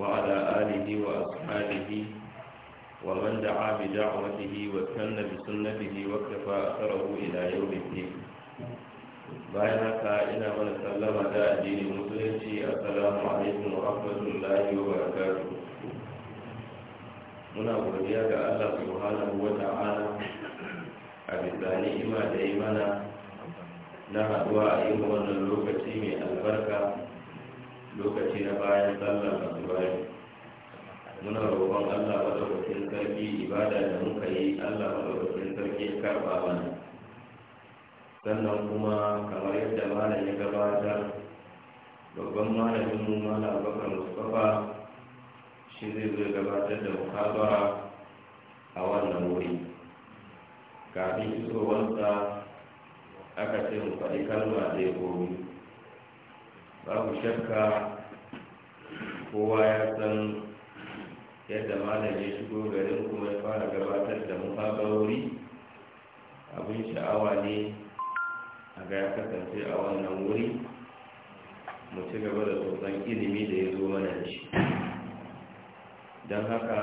وعلى آله وأصحابه ومن دعا بدعوته واستنى بسنته واكتفى أثره إلى يوم الدين bayan haka ina mana sallama da addinin musulunci assalamu alaikum wa rahmatullahi wa barakatuh muna godiya ga Allah subhanahu wa ta'ala a bisa ni'ima da yi mana na haduwa a yin wannan lokaci mai albarka lokaci na bayan sallar ibrahim muna roƙon allah madaukakin sarki ibada da muka yi allah madaukakin sarki ya karɓa mana sannan kuma kamar yadda mana ya gabatar babban malamin mu mana bakar mustapha shi zai zo gabatar da muhabara a wannan wuri kafin isowarsa aka ce mu faɗi kalma ɗaya komi babu shakka kowa ya san yadda malam ya shigo garin kuma ya fara gabatar da muhabarori abin sha'awa ne a ga ya kasance a wannan wuri mu ci gaba da tsotson ilimi da ya zo mana da shi don haka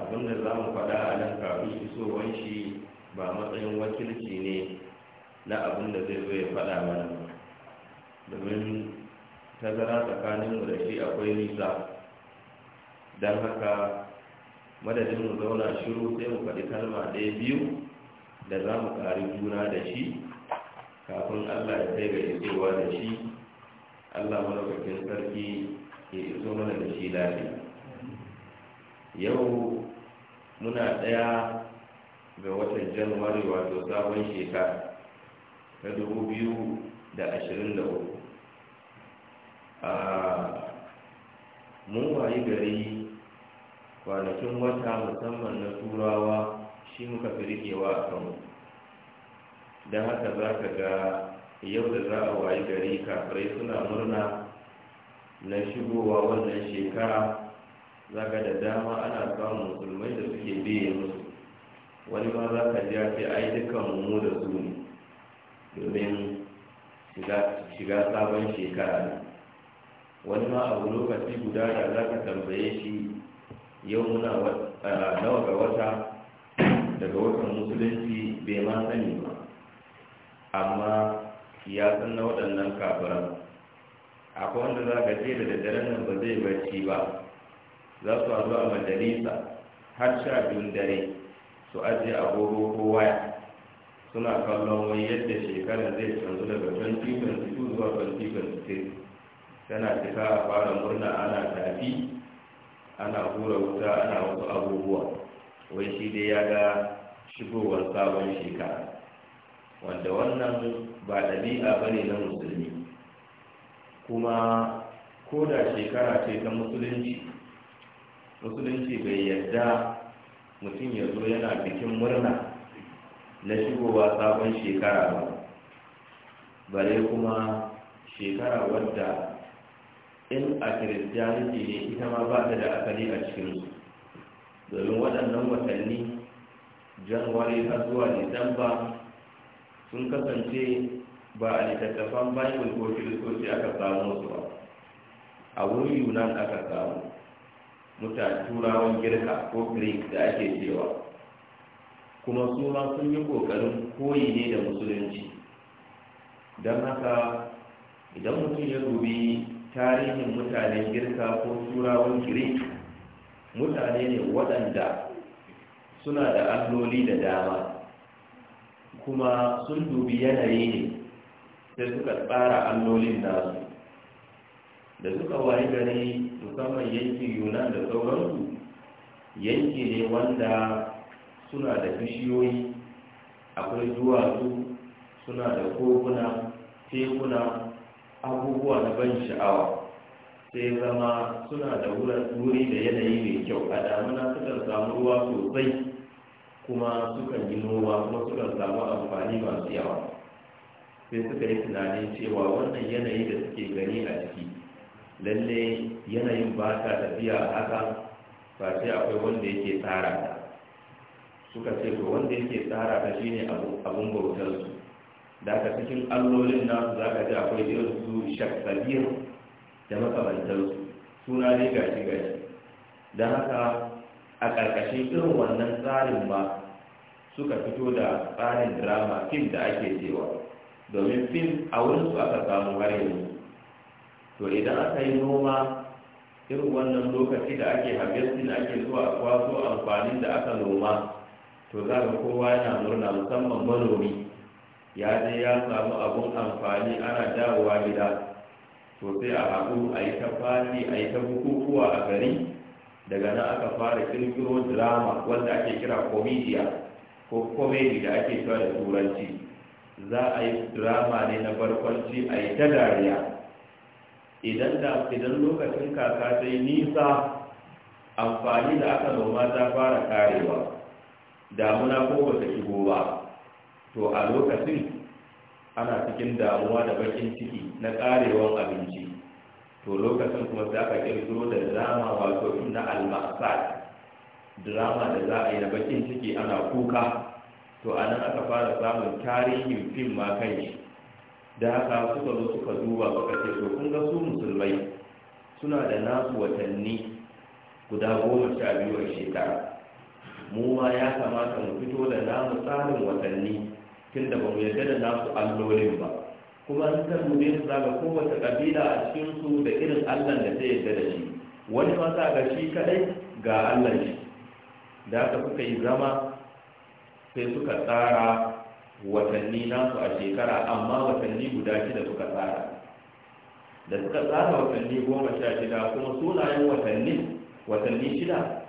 abin da za mu faɗa a nan kafin isowar shi ba matsayin wakilci ne na abin da zai zo ya faɗa mana domin tazara tsakaninmu da shi akwai nisa don haka madadin mu zauna shiru sai mu faɗi kalma ɗaya biyu da za mu ƙari juna da shi kafin allah ya kai ga da shi allah malaukakin sarki ke iso mana da shi lafiya yau muna ɗaya ga watan januwari wato sabon shekara ta dubu biyu da ashirin da uku mun wayi gari kwanakin wata musamman na turawa shi muka fi rikewa a kanmu don haka za ka ga yau da za a wayi gari kafirai suna murna na shigowa wannan shekara za ka da dama ana samun musulmai da suke biye musu wani ma za ka ji ake ai dukkan mu da su ne domin shiga sabon shekara ne wani ma abu lokaci guda da za ka tambaye shi yau muna nawa ga wata daga watan musulunci bai ma sani ba amma ya san na waɗannan kafiran akwai wanda za ka ce da daddare nan ba zai barci ba za su hazo a majalisa har sha biyun dare su ajiye agogo ko waya suna kallon wani yadda shekarar zai canzu daga 2022 zuwa 2023 tana cika a fara murna ana tafi ana hura wuta ana wasu abubuwa wai shi dai ya ga shigowar sabon shekara wanda wannan ba ɗabi'a ba ne na musulmi kuma ko da shekara ce ta musulunci musulunci bai yarda mutum ya zo yana bikin murna na shigowa sabon shekara ba bare kuma shekara wadda in a kiristiyaniti ne ita ma ba ta da asali a cikin su. domin waɗannan watanni janwari har zuwa disamba sun kasance ba a littattafan bible ko kiristoci aka samu su ba a wurin yunan aka samu mutane turawan girka ko greek da ake cewa kuma su ma sun yi kokarin koyi ne da musulunci don haka idan mutum ya dubi tarihin mutanen girka ko turawan greek mutane ne waɗanda suna da alloli da dama kuma sun dubi yanayi ne sai suka tsara allolin nasu da suka wayi gari musamman yankin yunan da sauransu yanki ne wanda suna da bishiyoyi akwai duwatsu suna da koguna tekuna abubuwa na ban sha'awa sai zama suna da wuri da yanayi mai kyau a damuna sukan samu ruwa sosai kuma sukan yi noma kuma sukan samu amfani masu yawa sai suka yi tunanin cewa wannan yanayi da suke gani a ciki lalle yanayin ba ta tafiya haka ba sai akwai wanda yake tsara ta suka ce ko wanda yake tsara ta shine abun bautarsu daka cikin allolin nasu za ka ji akwai irin su da su suna dai gashi gashi don haka a ƙarƙashin irin wannan tsarin ma suka fito da tsarin drama fim da ake cewa domin fim a su aka samu har yanzu to idan aka yi noma irin wannan lokaci da ake da ake zuwa a kwaso amfanin da aka noma to za ka kowa yana murna musamman manomi ya je ya samu abun amfani ana dawowa gida to sai a haɗu a yi ta fasi a yi ta bukukuwa a gari daga nan aka fara kirkiro drama wanda ake kira komediya ko komedi da ake cewa da turanci za a yi drama ne na barkwanci a yi ta dariya idan da idan lokacin kaka sai nisa amfani da aka noma ta fara karewa damuna ko ta shigo ba to a lokacin ana cikin damuwa da bakin ciki na karewar abinci to lokacin kuma za ka kirkiro da drama wato na almasar drama da za a yi na bakin ciki ana kuka to a nan aka fara samun tarihin fim ma kan shi da haka suka zo suka duba suka ce to kun ga su musulmai suna da nasu watanni guda goma sha biyu a shekara mu ma ya kamata mu fito da namu tsarin watanni tun da ba mu yarda da nasu allolin ba kuma an san mu dai zaga kowace kabila a cikin su da irin allah da ta yarda da shi wani ma za ga shi kadai ga allah shi da aka suka yi zama sai suka tsara watanni nasu a shekara amma watanni guda shida suka tsara da suka tsara watanni goma sha shida kuma sunayen watanni watanni shida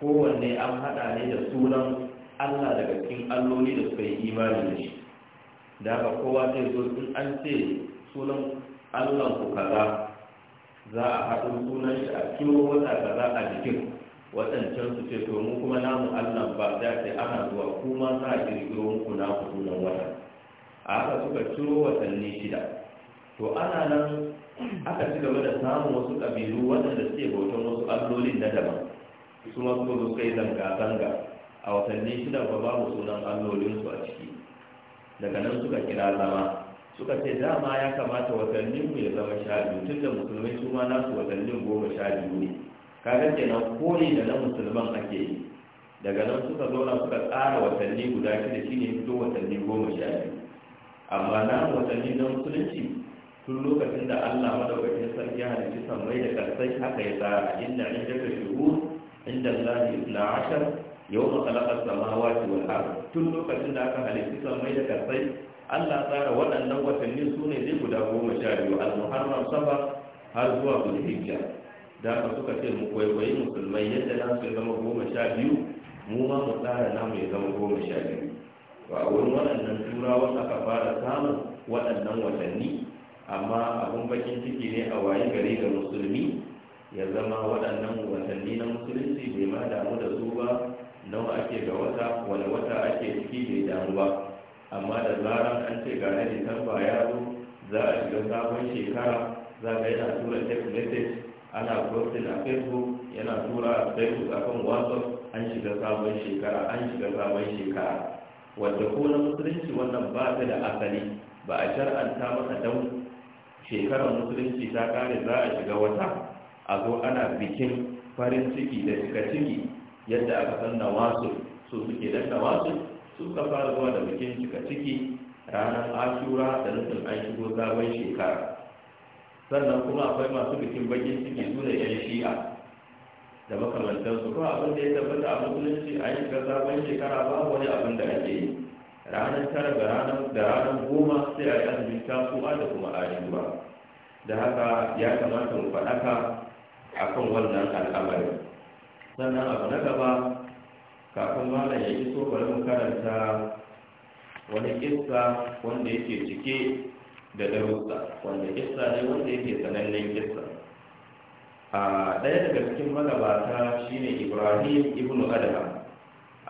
kowanne an haɗa ne da sunan allah daga cikin alloli da suka yi imani da shi da haka kowa zai zo in an ce sunan allah ku kaza za a haɗu sunan shi a kiwo wata kaza a jikin waɗancan su ce to mu kuma namu allah ba da ce ana zuwa kuma za a kirkiro muku ku sunan wata a haka suka ciro watanni shida to ana nan aka ci gaba da samun wasu ƙabilu waɗanda suke bautan wasu allolin na daban su masu zo zanga-zanga a watanni shida ba babu sunan allolinsu a ciki daga nan suka kira zama suka ce dama ya kamata watannin mu ya zama sha biyu tun da musulmai su ma nasu watannin goma sha biyu ne kaga kenan kone da na musulman ake yi daga nan suka zauna suka tsara watanni guda shida shine fito watanni goma sha biyu amma na watanni na musulunci tun lokacin da Allah madaukakin sarki ya halicci sammai da karsai haka ya tsara inda inda ka shigo inda zai ya 12 yau ma kalakar samawa ce wa tun lokacin da aka halittu samai da kasai allah tsara waɗannan watanni su ne zai guda goma sha biyu al-muharram saba har zuwa zulhijja da aka suka ce mu kwaikwayi musulmai yadda na su zama goma sha biyu mu ma mu tsara mu ya zama goma sha biyu ba a wurin waɗannan turawan aka fara samun waɗannan watanni amma abin bakin ciki ne a waye gari ga musulmi ya zama waɗannan watanni na musulunci bai ma damu da su ba nawa ake ga wata wani wata ake ciki bai damu ba amma da zaran an ce ga na disamba ya zo za a shiga sabon shekara za ga yana tura text message ana posting a facebook yana tura a facebook akan whatsapp an shiga sabon shekara an shiga sabon shekara wadda ko na musulunci wannan ba ta da asali ba a shar'anta masa dan shekarar musulunci ta kare za a shiga wata a zo ana bikin farin ciki da cika ciki yadda aka san wasu su suke dan su suka fara zuwa da bikin cika ciki ranar ashura da nufin an shigo sabon shekara sannan kuma akwai masu bikin bakin ciki su da yan shi'a da su, ko abin da ya tabbata a musulunci a yi shiga sabon shekara ba wani abin da ake yi ranar tara da ranar da ranar goma sai a yi azumin tasuwa da kuma ajiyuwa da haka ya kamata mu faɗaka akan wannan al'amarin sannan abu na gaba kafin malam ya iso bari mu karanta wani kissa wanda yake cike da darussa wanda kissa ne wanda yake sanannen kissa a ɗaya daga cikin magabata shine ibrahim ibnu adama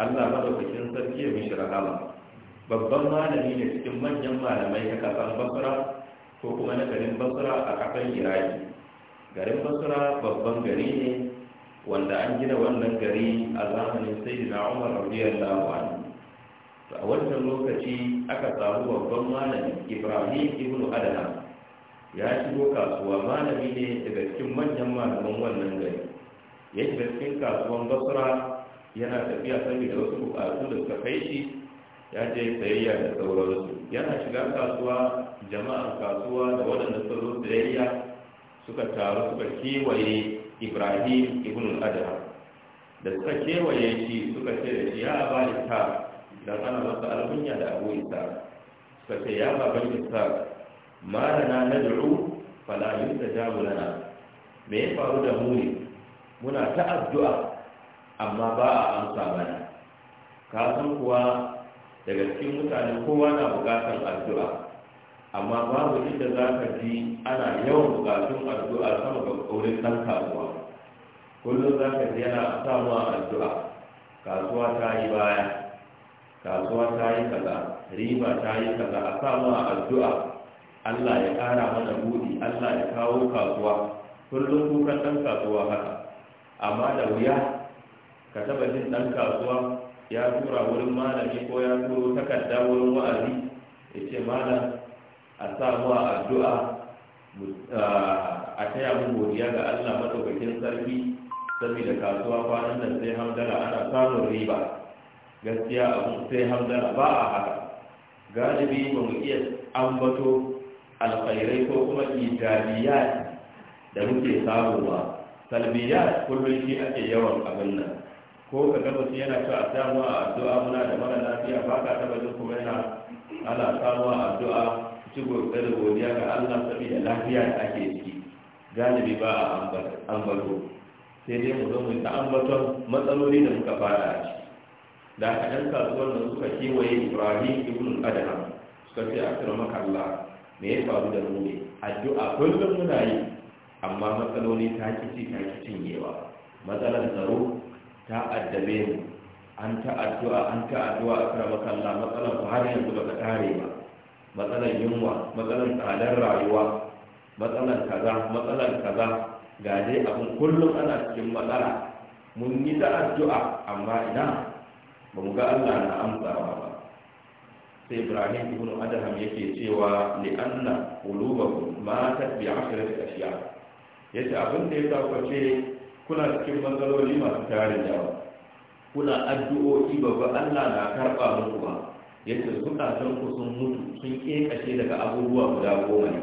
allah madaukakin sarki ya mishi rahama babban malami ne cikin manyan malamai na kasar basra ko kuma na garin basra a kasar iraki garin basra babban gari ne wanda an gina wannan gari a zamanin na Umar rabiyar lawan a wannan lokaci aka samu babban malami Ibrahim ibn Adana ya shigo kasuwa malami ne daga cikin manyan malaman wannan gari ya shiga cikin kasuwan Basra yana tafiya saboda wasu bukatu da suka kai shi ya je sayayya da sauransu yana shiga kasuwa jama'ar kasuwa da waɗanda suka sayayya suka taru suka kewaye ibrahim ibn al adha da suka kewaye shi suka ce da shi ya abali ta dan ana masa alkunya da abu isa suka ce ya baban isa ma lana nad'u fala yustajabu lana me ya faru da mu ne muna ta addu'a amma ba a amsa mana ka san kuwa daga cikin mutane kowa na bukatar addu'a amma babu inda za ka ji ana yawan bukatun addu'a sama ga wurin ɗan kasuwa kullum za ka ji yana samuwa addu'a kasuwa ta yi baya kasuwa ta yi kaza riba ta yi kaza a samuwa addu'a allah ya ƙara mana buɗi allah ya kawo kasuwa kullum kukan ɗan kasuwa haka amma da wuya ka taɓa jin ɗan kasuwa ya tura wurin malami ko ya turo takarda wurin wa'azi ya ce malam a samuwa addu'a a taya mu godiya ga Allah madaukakin sarki saboda kasuwa kwanan nan sai hamdala ana samun riba gaskiya abu sai hamdala ba a haka galibi ba mu iya ambato alkhairai ko kuma ijaliyat da muke samu ba salbiyat kullum shi ake yawan abin nan ko ka gaba su yana cewa samuwa addu'a muna da mara lafiya ba ka taba jin kuma yana ana samuwa addu'a ci gobe da godiya ga Allah saboda lafiya da ake ciki galibi ba a ambato sai dai mu zo mu ta ambaton matsaloli da muka fara a ciki da aka ɗan kasuwar da suka kewaye ibrahim ibn adana suka ce a kira maka Allah me ya faru da mu ne addu'a kullum muna yi amma matsaloli ta ci, ta ci cinyewa. matsalar tsaro ta addabe mu an ta addu'a an ta addu'a a kira maka Allah matsalar ku har yanzu ba ta tare ba matsalan yunwa matsalan tsadar rayuwa matsalan kaza matsalan kaza ga dai abin kullum ana cikin matsala mun yi ta addu'a amma ina ba mu ga Allah na amsawa ba sai Ibrahim ibn Adham yake cewa li anna qulubakum ma tabi ashrat ashiya yace abin da ya ku ce kuna cikin matsaloli masu tarin yawa kuna addu'o'i ba' Allah na karba muku ba yadda zukatan ku sun mutu sun kekashe daga abubuwa guda goma ne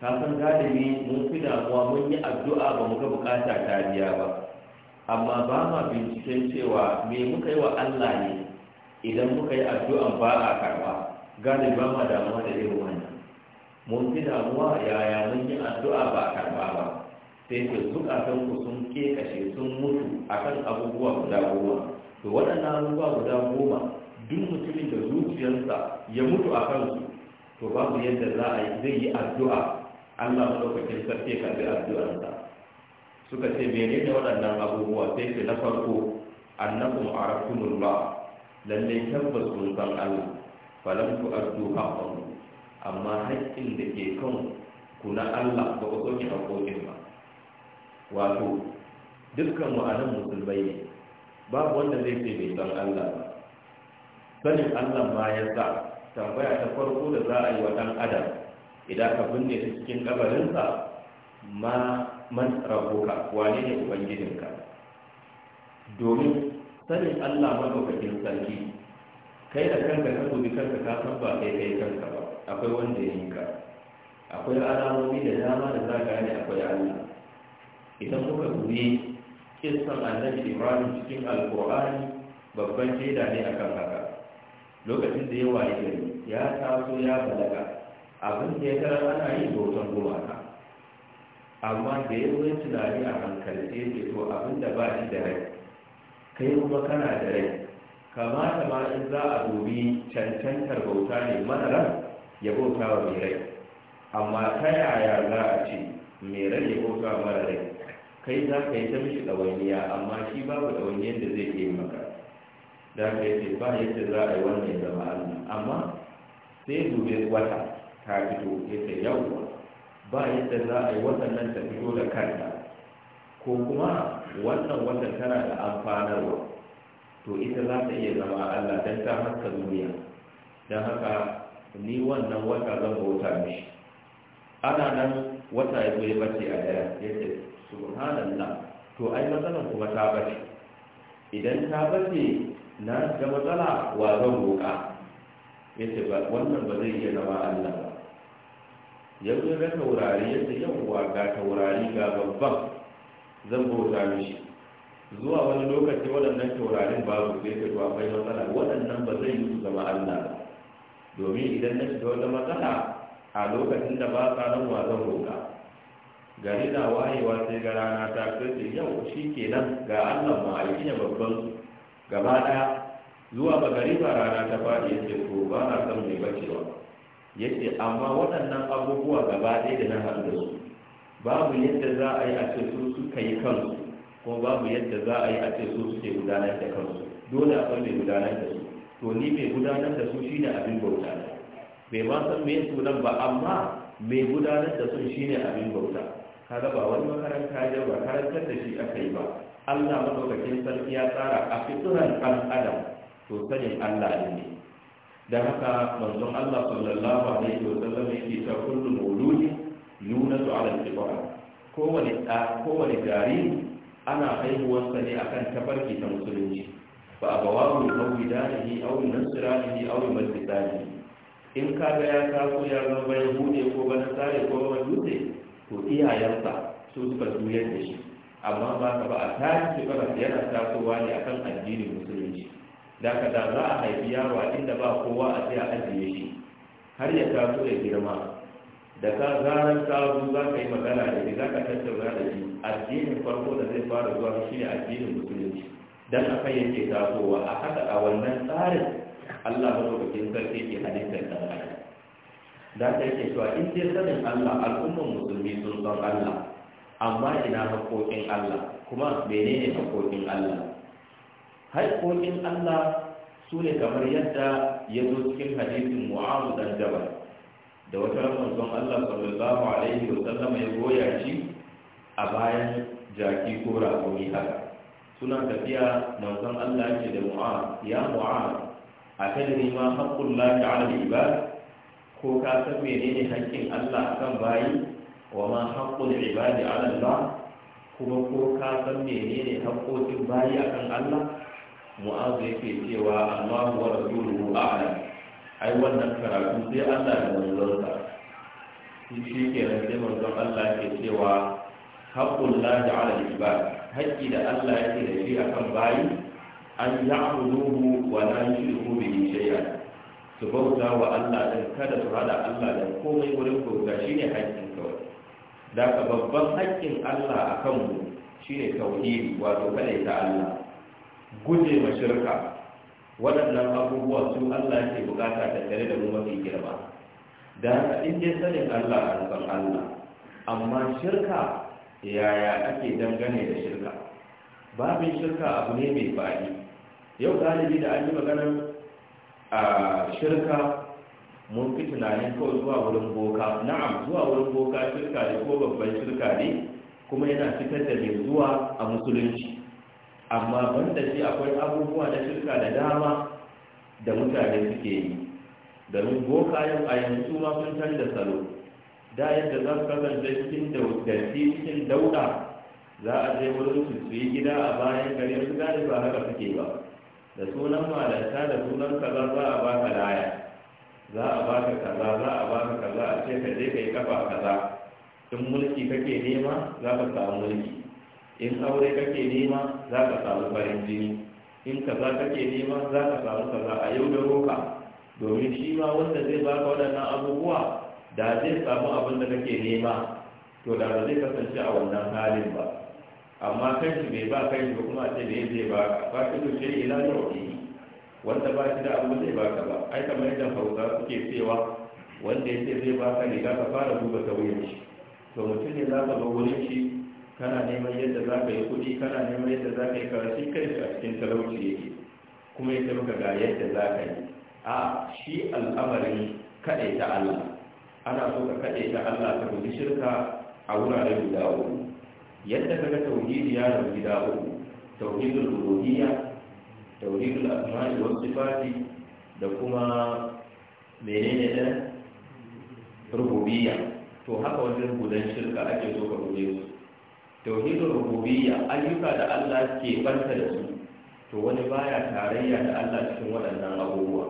ka san galibi mun fi damuwa mun yi addu'a ba mu ga bukata ta biya ba amma ba ma binciken cewa me muka yi wa Allah ne idan muka yi addu'a ba a karba galibi ba ma damuwa da irin wannan mun fi damuwa yaya mun yi addu'a ba a karba ba sai ke zukatan ku sun kekashe sun mutu akan abubuwa guda goma to waɗannan abubuwa guda goma duk mutumin da zuciyarsa ya mutu a kansu to babu yadda za a zai yi addu'a Allah madaukakin sarki ka bi addu'arsa suka ce da waɗannan abubuwa sai ce na farko annakum ruwa, lalle tabbas kun san Allah falam addu'a amma haƙƙin da ke kan ku na Allah ba ku soke haƙƙoƙin ba wato dukkan mu anan musulmai ne babu wanda zai ce bai san Allah ba sanin allah ma ya sa tambaya ta farko da za a yi wa ɗan adam idan ka binne ta cikin kabarinsa ma man rabuka wane ne ubangijinka domin sanin allah madaukakin sarki kai da kanka ka dubi kanka ka san ba kai kai kanka ba akwai wanda ya yi ka akwai alamomi da dama da za ka gane akwai allah idan muka dubi kisan annabi ibrahim cikin alkur'ani babban jeda ne akan haka lokacin da ya waye gari ya taso ya balaga abin da ya tara ana yi bautan gumaka amma da ya yi tunani a hankali sai ce to abin da ba shi da rai kai kuma kana da rai kamata ma in za a dubi cancantar bauta ne mana ran, ya bauta wa mai rai amma ta yaya za a ce mai rai ya bauta wa mara rai kai za ka yi ta mishi ɗawainiya amma shi babu ɗawainiyar da zai iya maka da ka yi ba yadda za a yi wannan zama Allah amma sai dube wata ta fito ce yawwa ba yadda za a yi nan ta fito da kanta ko kuma wannan watan tana da amfanarwa to ita za ta iya zama Allah dan ta haska duniya don haka ni wannan wata zan bauta mishi ana nan wata ya zo ya bace a daya ya ce subhanallah to ai matsalar kuma ta bace idan ta bace na da matsala wa zan roƙa ya ce ba wannan ba zai iya zama allah ba yanzu na taurari yadda ce yawwa ga taurari ga babban zan bauta mishi zuwa wani lokaci waɗannan taurarin babu zai ta zuwa akwai matsala waɗannan ba zai yi su zama allah ba domin idan na shiga wata matsala a lokacin da ba sa nan wa zan roƙa gari na wayewa sai ga rana ta kace yau shi kenan ga allah ma aiki ne babban su gaba ɗaya zuwa ba rana ta faɗi ya ce ko ba na san mai bacewa ya ce amma waɗannan abubuwa gaba ɗaya da na haɗu da su babu yadda za a yi a ce su suka yi kansu kuma babu yadda za a yi a ce su suke gudanar da kansu dole a san mai gudanar da su to ni mai gudanar da su shine abin bauta bai ma san me sunan ba amma mai gudanar da sun ne abin bauta kaga ba wani makaranta ya ba karantar da shi aka yi ba Allah madaukakin sarki ya tsara a fitunan ɗan adam to sanin Allah ne da haka manzon Allah sallallahu alaihi wa sallam yake ta kullu mauludi su ala al-fitra kowane da wani gari ana sa ne akan tabarki ta musulunci fa abawahu yawidanihi aw ni aw majlisanihi in kaga ya taso ya zama bai hude ko ba sare ko ba dutse to iyayensa su suka juyar da shi amma ba ka ba a tashi ba yana tasowa ne akan addinin musulunci da ka da za a haifi yaro a inda ba kowa a sai ajiye shi har ya taso ya girma da ka zaran sabu za ka yi magana da shi za ka tattauna da shi addinin farko da zai fara zuwa shi ne addinin musulunci dan a kai yake tasowa a haka a wannan tsarin Allah kin sarki ke halittar da Allah da ta yake cewa in sai sanin Allah al'ummar musulmi sun san Allah amma ina haƙoƙin Allah kuma ne haƙoƙin Allah haƙoƙin Allah su ne kamar yadda ya zo cikin hadisin mu'amu dan jabal da wata manzon Allah sallallahu alaihi wa sallama ya goya shi a bayan jaki ko raƙumi haka suna tafiya manzon Allah ce da mu'am ya mu'am a kan ma haƙƙun lafi ala ibad ko ka san menene haƙƙin Allah akan bayi wa ma haƙƙul ibadi ala Allah kuma ko ka san menene haƙƙoƙin bayi akan Allah mu'azu yake cewa Allahu wa rasuluhu a'lam ai wannan karatu sai Allah da sa shi ke nan sai manzon Allah ke cewa haƙƙun lahi ala ibad haƙƙi da Allah yake da shi akan bayi an ya'buduhu wa la yushriku bihi shay'a su bauta wa Allah din kada su hada Allah da komai wurin bauta shine haƙƙin kawai da ka babban haƙƙin Allah a kanmu shi ne tauhiri wato kaɗai ta Allah guje ma shirka waɗannan abubuwa su Allah ke bukata ta tare da mu mafi girma da haka in dai sanin Allah a san Allah amma shirka yaya ake dangane da shirka babin shirka abu ne mai faɗi yau galibi da an yi maganar a ah, shirka mun fi tunanin kawai zuwa wurin boka na'am zuwa wurin boka shirka ne ko babban shirka ne kuma yana fitar da mai zuwa a musulunci amma banda shi akwai abubuwa na shirka da dama da mutane suke yi domin boka yau a yanzu ma sun canza salo da yadda za su kasance cikin daudarci cikin dauda za a je wurin su su yi gida a bayan gari su gane ba haka suke ba da sunan malanta da sunan kaza za a baka laya za a baka kaza za a baka kaza a ce ka je ka yi kafa kaza in mulki kake nema za ka samu mulki in aure kake nema za ka samu farin jini in kaza kake nema za ka samu kaza a yau da roka domin shi ma wanda zai baka waɗannan abubuwa da zai samu abin da kake nema to da ba zai kasance a wannan halin ba amma kan bai ba kan shi ba kuma a ce bai zai ba ba ka ido ila yau ne wanda ba shi da abu zai baka ba ai kamar yadda hausa suke cewa wanda ya ce zai baka riga ka fara duba ta shi to mutum ne za ka ga wurin shi kana neman yadda za ka yi kuɗi kana neman yadda za ka yi karashi kai a cikin talauci yake kuma ya maka ga yadda za ka yi a shi al'amarin kaɗai ta Allah ana so ka kaɗai ta Allah ka guji shirka a wuraren guda uku yadda ga tauhidi ya rabu gida uku tauhidul uluhiyya tauhidul asma'i wa sifati da kuma menene da rububiyya to haka wajen gudan shirka ake so ka gode su tauhid rububiyya ayyuka da Allah ke banta da su to wani baya tarayya da Allah cikin waɗannan abubuwa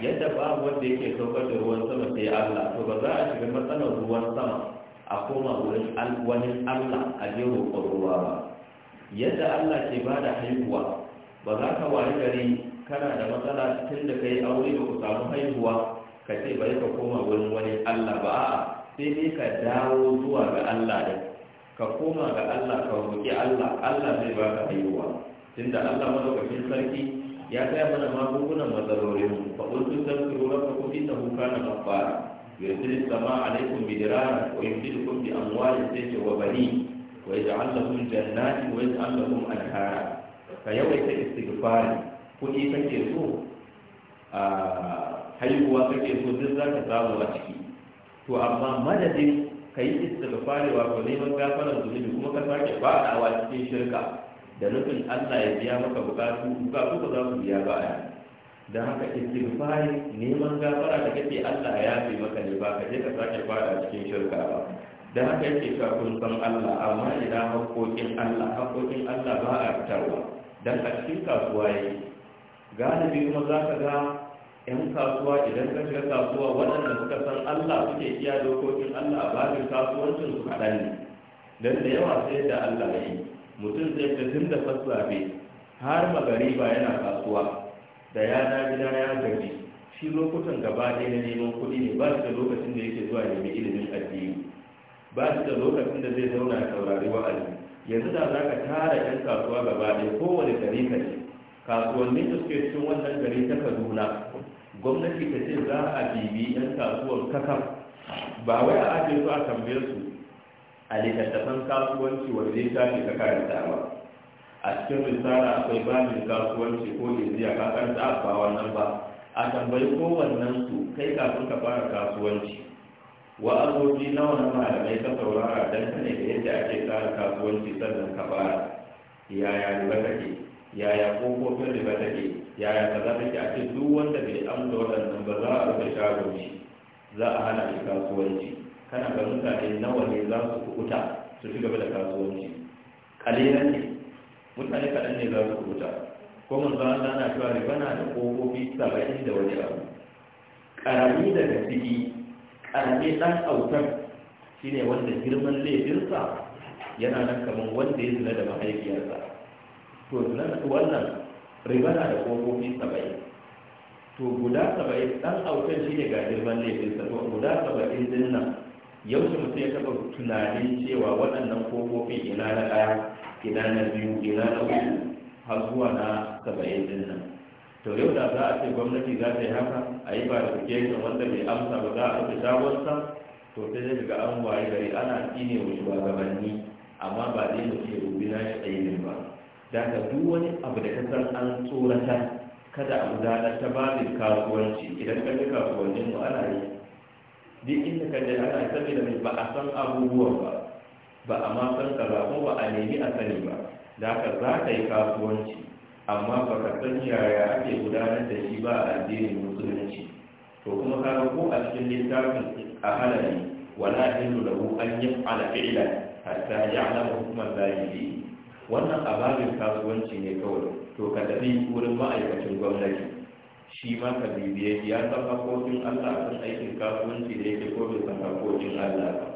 yadda babu wanda yake saukar da ruwan sama sai Allah to ba za a shiga matsalar ruwan sama a koma wurin wani Allah a je ruwa ba yadda Allah ke bada haihuwa ba za ka wani gari kana da matsala tun da yi aure ba ku samu haihuwa ka ce bai ka koma wurin wani Allah ba a'a sai dai ka dawo zuwa ga Allah da ka koma ga Allah ka roƙi Allah Allah zai ba ka haihuwa da Allah madaukakin sarki ya kai mana magungunan matsalolin fa qultu tazkuru rabbakum innahu kana ghaffara yursilu samaa alaykum bidirara wa yumdidukum bi amwalin sayyidin wa banin wa yaj'al lakum jannatin wa yaj'al lakum anhara ka yawaita istighfari kuɗi kake so a haihuwa kake so duk za ka samu a ciki to amma madadin ka yi istighfari ko neman gafarar zunubi kuma ka sake faɗawa cikin shirka da nufin Allah ya biya maka bukatu bukatu ba za su biya baya da haka istighfari neman gafara da kake Allah ya fi maka ne ba ka je ka sake fada cikin shirka ba da haka yake kafin kun san Allah amma idan haƙoƙin Allah haƙoƙin Allah ba a fitarwa dan a cikin kasuwa yayi galibi kuma za ka ga 'yan kasuwa idan ka shiga kasuwa waɗanda suka san Allah suke iya dokokin Allah a babin kasuwancin su haɗa ne don da yawa sai da Allah ya yi mutum zai ta tun da fasulabe har magariba yana kasuwa da ya gida ya gaji shi lokutan gaba ɗaya na neman kuɗi ne ba shi da lokacin da yake zuwa nemi ilimin addini ba shi da lokacin da zai zauna ya saurari wa'azi yanzu da za ka tara 'yan kasuwa gaba ɗaya kowane gari ka ce kasuwannin da suke cikin wannan gari ta kaduna gwamnati ta ce za a bibi 'yan kasuwar kakan ba wai a ajiye su a tambayar su a littattafan kasuwanci wanda ya shafi ka karanta ba a cikin risala akwai bamin kasuwanci ko iziya ka a ba wannan ba a tambayi kowannen su kai kafin ka fara kasuwanci wa'azoji nawa na malamai ka saurara don ne da yadda ake tsara kasuwanci sannan ka fara yaya riba take yaya kofofin riba take yaya kaza take a ce duk wanda bai amsa waɗannan ba za a rufe shagon shi za a hana shi kasuwanci kana ga mutane nawa ne za su kuɓuta su ci gaba da kasuwanci kalilan ne mutane kaɗan ne za su kuɓuta ko za a na cewa riba na da kofofi saba'in da wani abu ƙarami daga ciki ƙarami ɗan autar shi ne wanda girman laifinsa yana nan kamar wanda ya zina da mahaifiyarsa to zina wannan riba na da ƙofofi saba'in to guda saba'in ɗan autar shi ne ga girman laifinsa to guda saba'in din nan yaushe mutum ya taɓa tunanin cewa waɗannan ƙofofin ina na ɗaya ina na biyu ina na uku har zuwa na saba'in din nan to yau da za a ce gwamnati za ta yi haka a yi ba da suke yin wanda bai amsa ba za a ɗauki shawarsa to sai zai ga an waye gari ana ne wa shugabanni amma ba zai yi ya rubi na shi tsaye ba da ka duk wani abu da ka san an tsorata kada a gudanar ta babin kasuwanci idan ka ji kasuwancin mu ana yi duk inda ka je ana saboda mai ba a san abubuwan ba ba a ma san kaza ko ba a nemi a sani ba da ka za ka yi kasuwanci amma ba ka san yaya ake gudanar da shi ba a addinin musulunci to kuma kaga ko a cikin littafin a halali wala ilmu lahu an yaf'ala fi'lan hatta ya'lamu hukman zahiri wannan ababin kasuwanci ne kawai to ka tafi wurin ma'aikacin gwamnati shi ma ka bibiye ya san hakokin Allah kan aikin kasuwanci da yake ko bai san hakokin Allah ba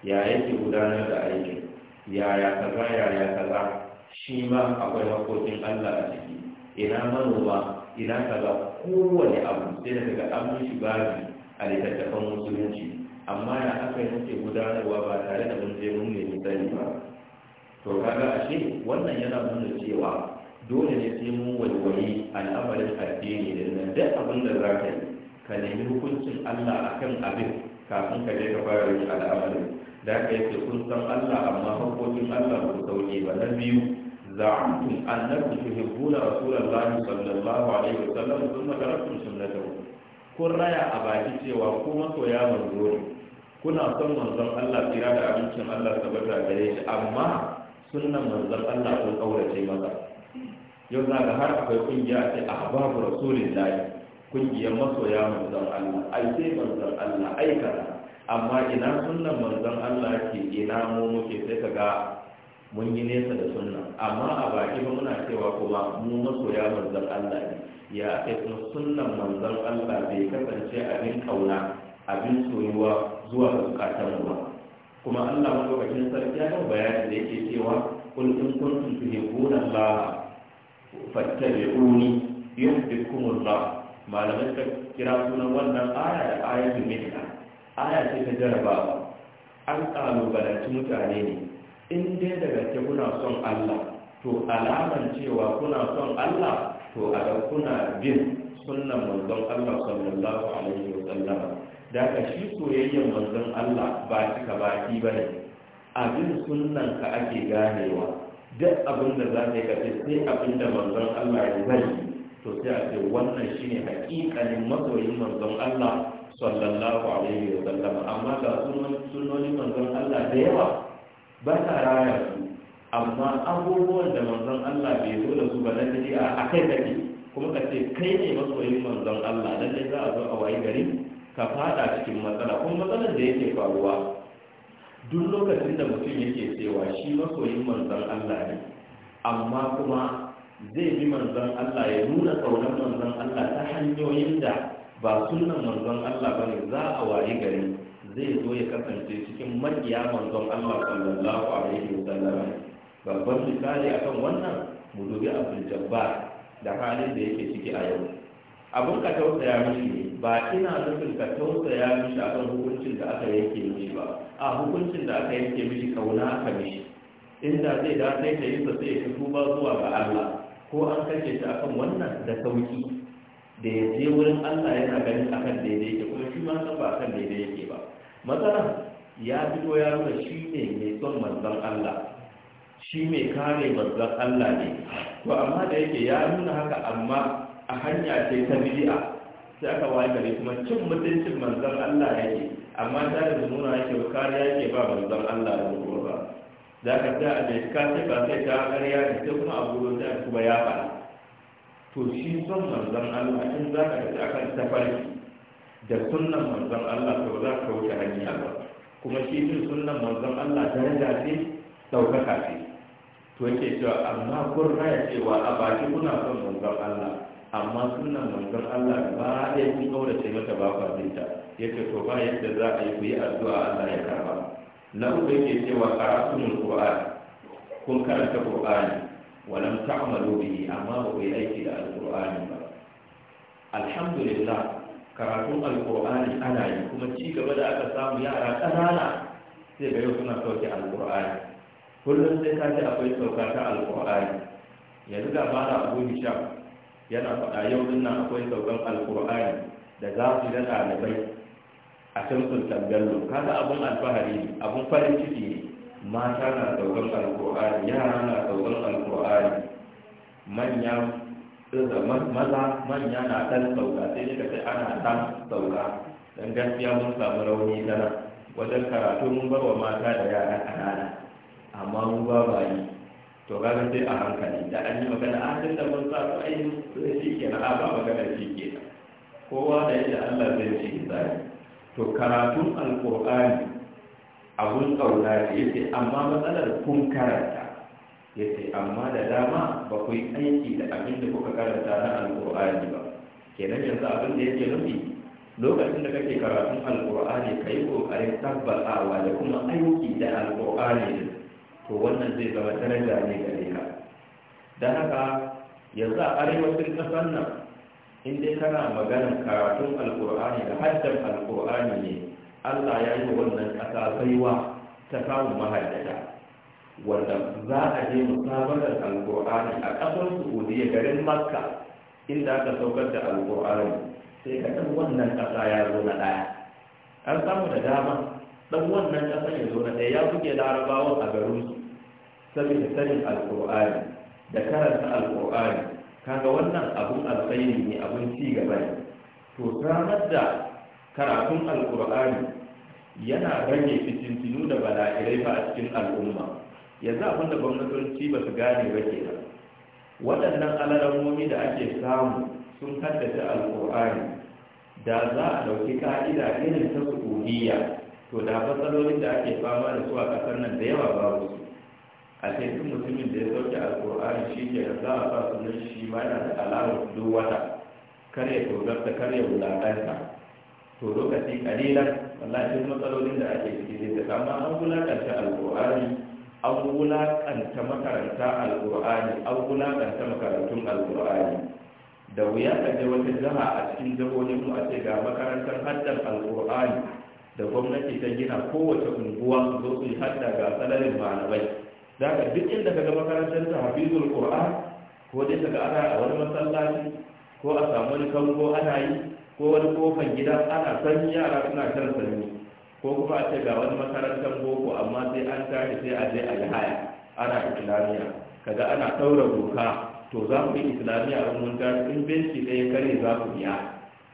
ya gudanar da aikin yaya kaza yaya kaza shi ma akwai haƙoƙin Allah a ciki ina manoma ina ga kowane abu sai da daga abin shi babi a littattafan musulunci amma ya aka yake gudanarwa ba tare da mun je mun ne sani ba to kaga ashe wannan yana nuna cewa dole ne sai mun walwali al'amarin addini da nan duk abin da za ka yi ka nemi hukuncin Allah akan abin kafin ka je ka fara yin al'amarin da aka yake kun san Allah amma hankokin Allah ba sauke ba na biyu Za a hibbu na tuhibbuna lahi sallallahu alaihi wasallam thumma taraktum sunnatahu kun raya a baki cewa ku masoya manzo ne kuna son manzon Allah tsira da abincin Allah tabbata gare shi amma sunnan manzon Allah kun kaurace maza. yau za ka har akwai kungiya ce ahbabu lahi kungiyar masoya manzon Allah ai sai manzon Allah aikata amma ina sunnan manzon Allah ke ina mu muke sai ka ga mun yi nesa da sunna amma a baki ba muna cewa kuma mu masoya manzon Allah ne ya ake kuma sunnan manzon Allah bai kasance abin kauna abin soyuwa zuwa ga bukatar ba kuma Allah madaukakin sarki ya yi bayani da yake cewa kun in kuntum tuhibbuna Allah fattabi'uni yuhibbukum Allah malamai ka kira sunan wannan aya da ayatul mithla aya ce ta jaraba an kalubalanci mutane ne in dai daga ke kuna son Allah to alaman cewa kuna son Allah to a kuna bin sunnan manzon Allah sallallahu alaihi wa sallam da ka shi soyayyen manzon Allah ba cika baki ba ne abin sunnan ka ake ganewa duk abin da za ka yi sai abin da manzon Allah ya bari to sai a ce wannan shine hakikalin masoyin manzon Allah sallallahu alaihi wa sallam amma ga sunnonin manzon Allah da yawa ba ta raya su amma abubuwan da manzon Allah bai zo da su ba na a akai kake kuma ka ce kai ne masoyin manzon Allah dai za a zo a wayi gari ka fada cikin matsala kuma matsalar da yake faruwa duk lokacin da mutum yake cewa shi masoyin manzon Allah ne amma kuma zai bi manzon Allah ya nuna kaunar manzon Allah ta hanyoyin da ba sunan manzon Allah bane za a waye gari zai zo ya kasance cikin makiya manzon Allah sallallahu alaihi wa sallam babban misali akan wannan mu dubi Abdul Jabbar da halin da yake ciki a yau Abun ka tausaya mishi ba ina nufin ka tausaya mishi akan hukuncin da aka yanke mishi ba a hukuncin da aka yanke mishi kauna aka mishi inda zai da sai ta yi sa sai ya fito ba zuwa ga Allah ko an kace shi akan wannan da sauki da ya je wurin Allah yana ganin akan daidai yake kuma shi ma san ba akan daidai yake ba matsalar ya fito ya nuna shi ne mai son manzon Allah shi mai kare manzon Allah ne to amma da yake ya nuna haka amma a hanya ce ta bid'a sai aka waye gare kuma cin mutuncin manzon Allah yake amma ta da nuna yake ba kariya yake ba manzon Allah da ruwa ba za ka ta a da ka sai ba sai ta kariya da kuma abu da kuma ya faɗa to shi son manzon Allah in za ka tafi akan tafarki da sunnan manzon Allah to za ka wuce hanyar? ba kuma shi din sunnan manzon Allah daraja ce saukaka ce to yake cewa amma kun raya cewa a baki kuna son manzon Allah amma sunnan manzon Allah ba ya kun ce mata ba kwa binta yake to ba yadda za a yi kuyi addu'a Allah ya karba na uku yake cewa qaratul qur'an kun karanta qur'ani walam ta'malu bihi amma ba ku aiki da alqur'ani ba alhamdulillah karatun alqur'ani ana yi kuma ci gaba da aka samu yara ƙanana sai ga yau suna sauke alqur'ani kullum sai ka ji akwai sauka ta alqur'ani yanzu ga mala abu hisham yana faɗa yau din nan akwai saukan alqur'ani da za su da ɗalibai a can sultan bello kaga abun alfahari ne abun farin ciki ne mata na ɗaukar alƙur'ani yara na ɗaukar alƙur'ani manya maza manya na ɗan sauka sai ne ka ana ɗan sauka don gaskiya mun samu rauni dana wajen karatu mun bar wa mata da yara ƙanana amma mun ba ba yi to gaba sai a hankali da an yi magana a ah, cikin da mun sa su ai shi ke a ba magana shi ke kowa da yadda Allah zai ci zai to karatun alqur'ani abun ƙauna ce ya ce amma matsalar kun karanta ya ce amma da dama ba ku yi aiki da abin da kuka karanta na alƙur'ani ba kenan yanzu abin da yake nufi lokacin da kake karatun alƙur'ani ka yi ƙoƙarin tabbatawa da kuma aiki da alƙur'ani to wannan zai zama daraja ne gare ka don haka yanzu a arewacin ƙasar nan in dai kana maganar karatun alƙur'ani da haddan alƙur'ani ne Allah ya yi wannan ƙasa baiwa ta samun mahaddata wanda za a je musabarar alƙur'ani a ƙasar Saudiya garin Makka inda aka saukar da alƙur'ani sai ka ɗan wannan ƙasa ya zo na ɗaya an samu da dama ɗan wannan ƙasa ya zo na ɗaya ya buge larabawan a garin su, saboda sanin alƙur'ani da karanta alƙur'ani kaga wannan abun alƙairi ne abun ci gaba ne to samar da karatun alkur'ani yana rage fitintinu da bala'irai ba a cikin al'umma yanzu abin da gwamnatoci ba su gane ba ke nan waɗannan alalamomi da ake samu sun haddace alkur'ani da za a ɗauki ka'ida irin ta sukudiya to da matsalolin da ake fama da su a ƙasar nan da yawa babu su a taifin mutumin da ya sauke alkur'ani shi ke da za a sa sunan shi ma da alamar duk wata kar ya tozarta kar ya wulaƙanta to lokaci kalilan wallahi matsalolin da ake ciki zai ta amma an wulakanta alƙur'ani an wulakanta makaranta alƙur'ani an wulakanta makarantun alƙur'ani da wuya ka je wata jiha a cikin jihohin mu a ce ga makarantar haddar alƙur'ani da gwamnati ta gina kowace unguwa zo su yi hadda ga salarin malamai za ka duk inda ka ga makarantar ta hafizul qur'an ko dai ka ga ana a wani masallaci ko a samu wani kango ana yi ko wani kofar gida ana sanyi yara suna shan sanyi ko kuma a ce ga wani makarantar boko amma sai an tashi sai a je a yi haya ana islamiyya kaga ana ɗaura doka to za mu yi islamiyya a mun tashi in benci ɗaya kare za ku biya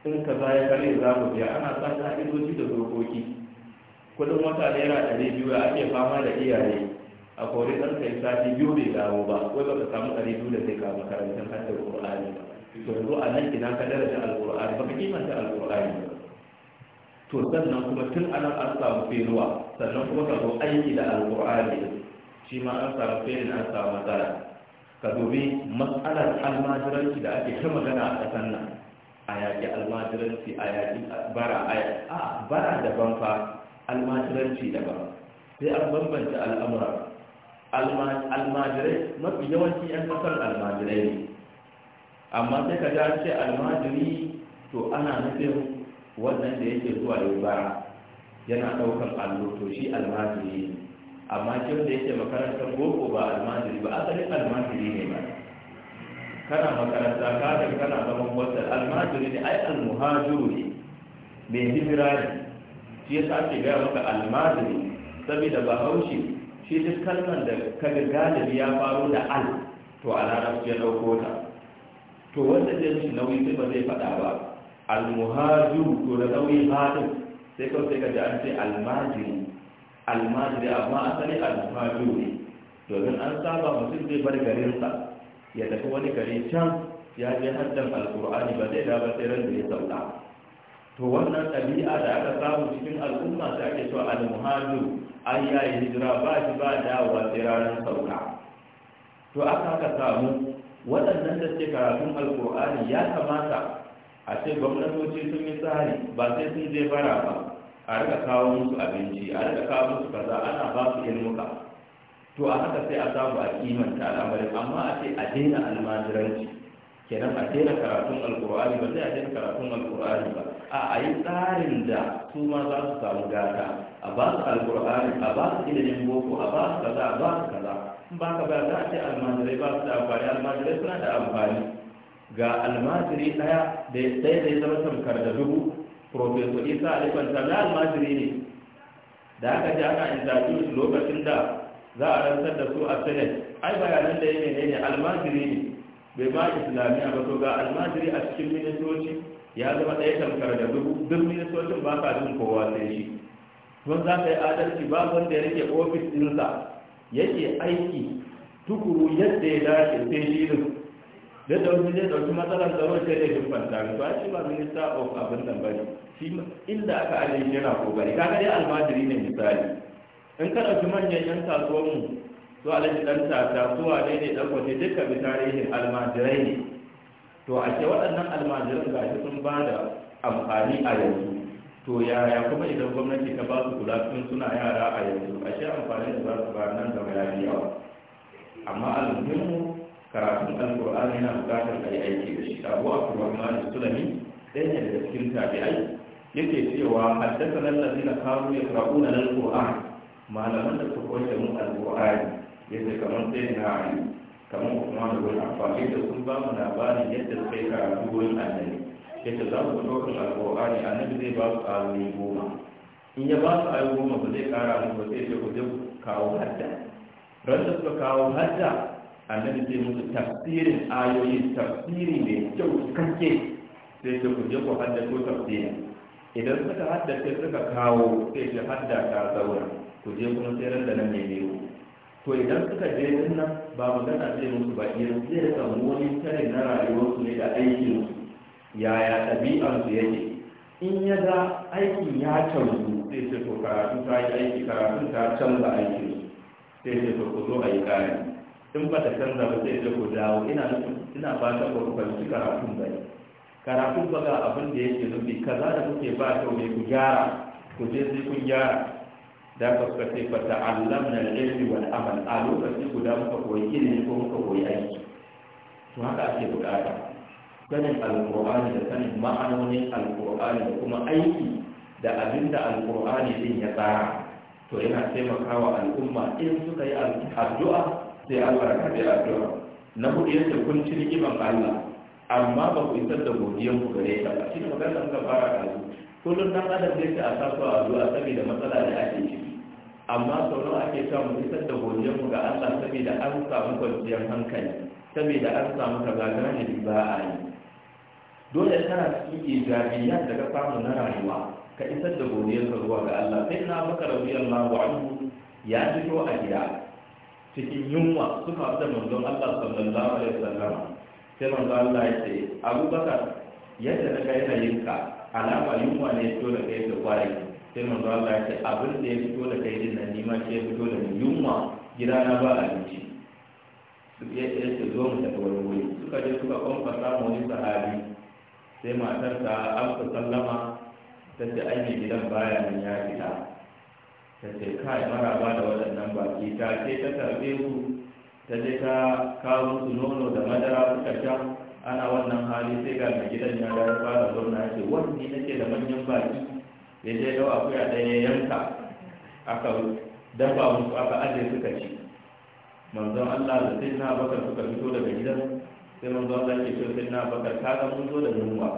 in ka za ya kare za ku biya ana sa ka'idoji da dokoki kudin wata naira ɗari biyu ya ake fama da iyaye a kori ɗan kai sati biyu bai dawo ba wai ba ka samu ɗari biyu da zai ka makarantar hadda ƙur'ani ba to yanzu a nan ina ka daraja alqur'ani baka kimanta alqur'ani ba to sannan kuma tun anan an samu feluwa sannan kuma ka zo aiki da alqur'ani shi ma an samu felin an samu matsala ka dubi matsalar almajiranci da ake ta magana a ƙasar nan a yaƙi almajiranci a yaƙi bara a bara daban fa almajiranci daban sai an bambanta al'amura almajirai mafi yawanci 'yan kasar almajirai ne amma sai ka ga ce almajiri to ana nufin wannan da yake zuwa yau yana ɗaukan allo to shi almajiri ne amma kyau da yake makarantar boko ba almajiri ba asalin almajiri ne ba kana makaranta kafin kana zaman wata almajiri ne ai almuhajiru ne mai hijira ne shi yasa ake gaya maka almajiri saboda ba haushi shi duk kalmar da kaga galibi ya faro da al to a larabci ya ɗauko ta to wanda zai mishi nauyi sai ba zai fada ba almuhajiru to da nauyi hadin sai kawai sai ka ji an ce almajiri almajiri amma asali almuhajiru ne domin an saba mutum zai bar garinsa ya tafi wani gari can ya je haddan alkur'ani ba zai da ba sai ran da ya sauka to wannan ɗabi'a da aka samu cikin al'umma sai ake cewa almuhajiru an yayi hijira ba shi ba dawowa sai ranar sauka to aka aka samu waɗannan da ke karatun alkur'ani ya kamata a ce gwamnatoci sun yi tsari ba sai sun je bara ba a rika kawo musu abinci a rika kawo musu kaza ana ba su ilmuka to a haka sai a samu a kimanta al'amarin amma a ce a daina almajiranci kenan a daina karatun alkur'ani ba sai a daina karatun alkur'ani ba a a yi tsarin da su ma za su samu gata a ba su alkur'ani a ba su ilimin boko a ba su kaza a ba su kaza ba ka ba za a ce almajirai ba su da amfani almajirai suna da amfani ga almajiri ɗaya da ya zama tamkar da dubu profesor isa alifanta na almajiri ne da aka ji ana interview lokacin da za a rantsar da su a senate ai bayanan da ya ne ne almajiri ne bai ma islamiyya ba to ga almajiri a cikin ministoci ya zama ɗaya tamkar da dubu duk ministocin ba ka jin kowa sai shi don za ka yi adalci ba wanda ya rike ofis ɗinsa yake aiki tukuru yadda ya dace sai shirin da dauki zai dauki matsalar da wata da dubban fanta ga a shi ba minista of abin nan shi inda aka ajiye shi yana kokari Ka dai almajiri ne misali in ka dauki manyan yan kasuwar mu su alaji dan tata su dai ne dan kwace duka bi tarihin almajirai ne to a ce waɗannan almajiran shi sun ba da amfani a yanzu to yaya kuma idan gwamnati ta basu su kula sun suna yara a yanzu a shi amfani da za su ba nan gaba ya yawa amma almuhimmu karatun alkur'ani yana bukatar a yi aiki da shi abu abdurrahman sulami ɗaya ne daga cikin tabi'ai yake cewa haddasa lallazi na kawo ya karɓu na alkur'an malaman da su kwace mu alkur'ani yadda kamar sai na kamar kuma da wani amfani da sun ba mu labarin yadda sai karatu wurin annabi yadda ta za ku ɗaukar a nan zai ba su ayoyi goma in ya ba su ayoyi goma ba zai ƙara mu ba sai ku je kawo hadda ran da suka kawo hadda a nan sai musu tafsirin ayoyi tafsiri mai kyau kake sai ce ku je ku hadda ko tafsirin idan suka hadda sai suka kawo sai ce hadda ta zaura ku je kuma sai ran da nan ne biyu to idan suka je nan ba gana zai musu ba irin zai samu wani tare na rayuwarsu ne da aikinsu yaya ɗabi'ansu yake in ya za aikin ya canzu sai ce to karatu ta yi aiki karatu ta canza aikin sai ce to ku zo a yi ƙari in ba ta canza ba sai ce ku dawo ina ba ta ba karatun ba karatun ba ga abin da yake nufi kaza da kuke ba ta ne ku gyara ku je sai kun gyara da ka suka ce fa ta'allamna al-ilmi wal amal a lokaci guda muka koyi ilimi ko muka koyi aiki to haka ake bukata sanin alkur'ani da sanin ma'anonin alkur'ani da kuma aiki da abinda alkur'ani din ya tsara to yana taimakawa al'umma in suka yi addu'a sai Allah ya karbi addu'a na hudu yadda kun ci rigiman Allah amma ba ku isar da godiyan ku gare ta ba shi ne magana da fara kazu kullum dan adam zai ta asasu a addu'a saboda matsala da ake ciki amma sau nawa ake cewa mu isar da godiyan mu ga Allah saboda an samu kwanciyar hankali saboda an samu kaza gane ba a yi dole tana cikin ijabiyyar da ka samu na rayuwa ka isar da godiyarka zuwa ga Allah sai na baka radiyallahu anhu ya fito a gida cikin yunwa suka haɗu da manzon Allah sallallahu alaihi wasallam sai manzon Allah ya ce Abu Bakar yadda na ga yanayin ka alama yunwa ne fito da kai da kwarai sai manzon Allah ya ce abin da ya fito da kai din nan nima ce ya fito da yunwa gida na ba abinci su ya ce zo mu tafi wani wuri suka je suka kwamfasa mu wani sahabi sai matarsa aka sallama ta ce an gidan baya nan ya fita ta ce kai ba da waɗannan baki ta ce ta tarbe su ta je ta kawo musu nono da madara suka sha ana wannan hali sai ga mai gidan ya da fara zauna ya ce wani nake da manyan baki ya je yau akwai a ɗaya yanka aka dafa musu aka ajiye suka ci manzon Allah da sai na bakar suka fito daga gidan sai manzo Allah ke cewa sai na bakar ga mun zo da yunwa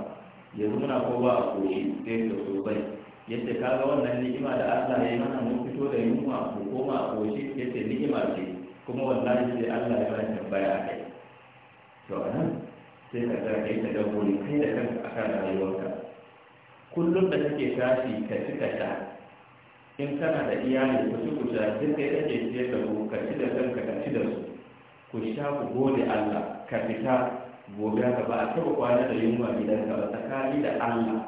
yanzu muna ko ba a koshi sai bai yadda yace ga wannan ni'ima da Allah ya yi mana mun fito da yunwa mu koma a koshi yace ni'ima ce kuma wallahi sai Allah ya mana tambaya a kai to anan sai ka ga kai ta dabbobi kai da kanka akan rayuwarka kullum da kake tashi ka ci ka sha in kana da iyali ku ci ku sha duk kai kake ciyar da ku ka ci da kanka ka ci da su ku sha ku gode Allah ka fita gobe haka ba a taɓa kwana da yunwa gidanka ba tsakani da allah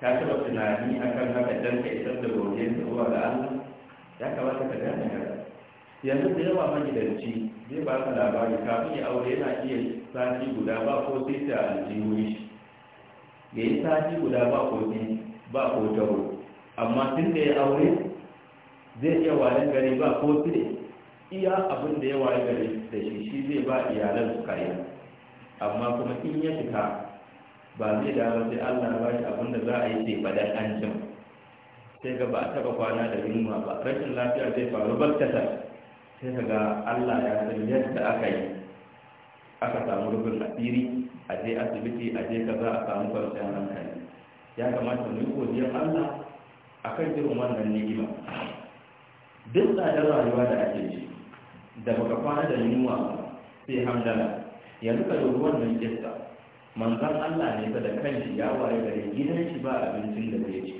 ka taɓa tunani akan haka dan ka isar da gobe ta zuwa ga allah ya kamata ka gane ka yanzu da yawa magidanci zai ba ka labari kafin ya aure yana iya sati guda ba ko sai ta aljihuri shi ya yi sati guda ba ko ne ba ko taro amma tun da ya aure zai iya wani gari ba ko tire iya abin da ya wani gari da shi shi zai ba iyalan su kariya amma kuma in ya fita ba zai dawo sai Allah ba shi abin da za a yi sai bada an jin sai ga ba a taba kwana da yunwa ba rashin lafiya zai faru bakkata sai ka ga Allah ya san yadda aka yi aka samu rubin asiri a je asibiti a je kaza a samu kwanciyar hankali ya kamata mu yi godiyar Allah akan irin wannan ni'ima duk tsadar rayuwa da ake ji da baka kwana da yunwa sai hamdala yanzu ka dubi wannan kissa manzan Allah ne ba da shi ya waye gare gidan shi ba abincin da zai ci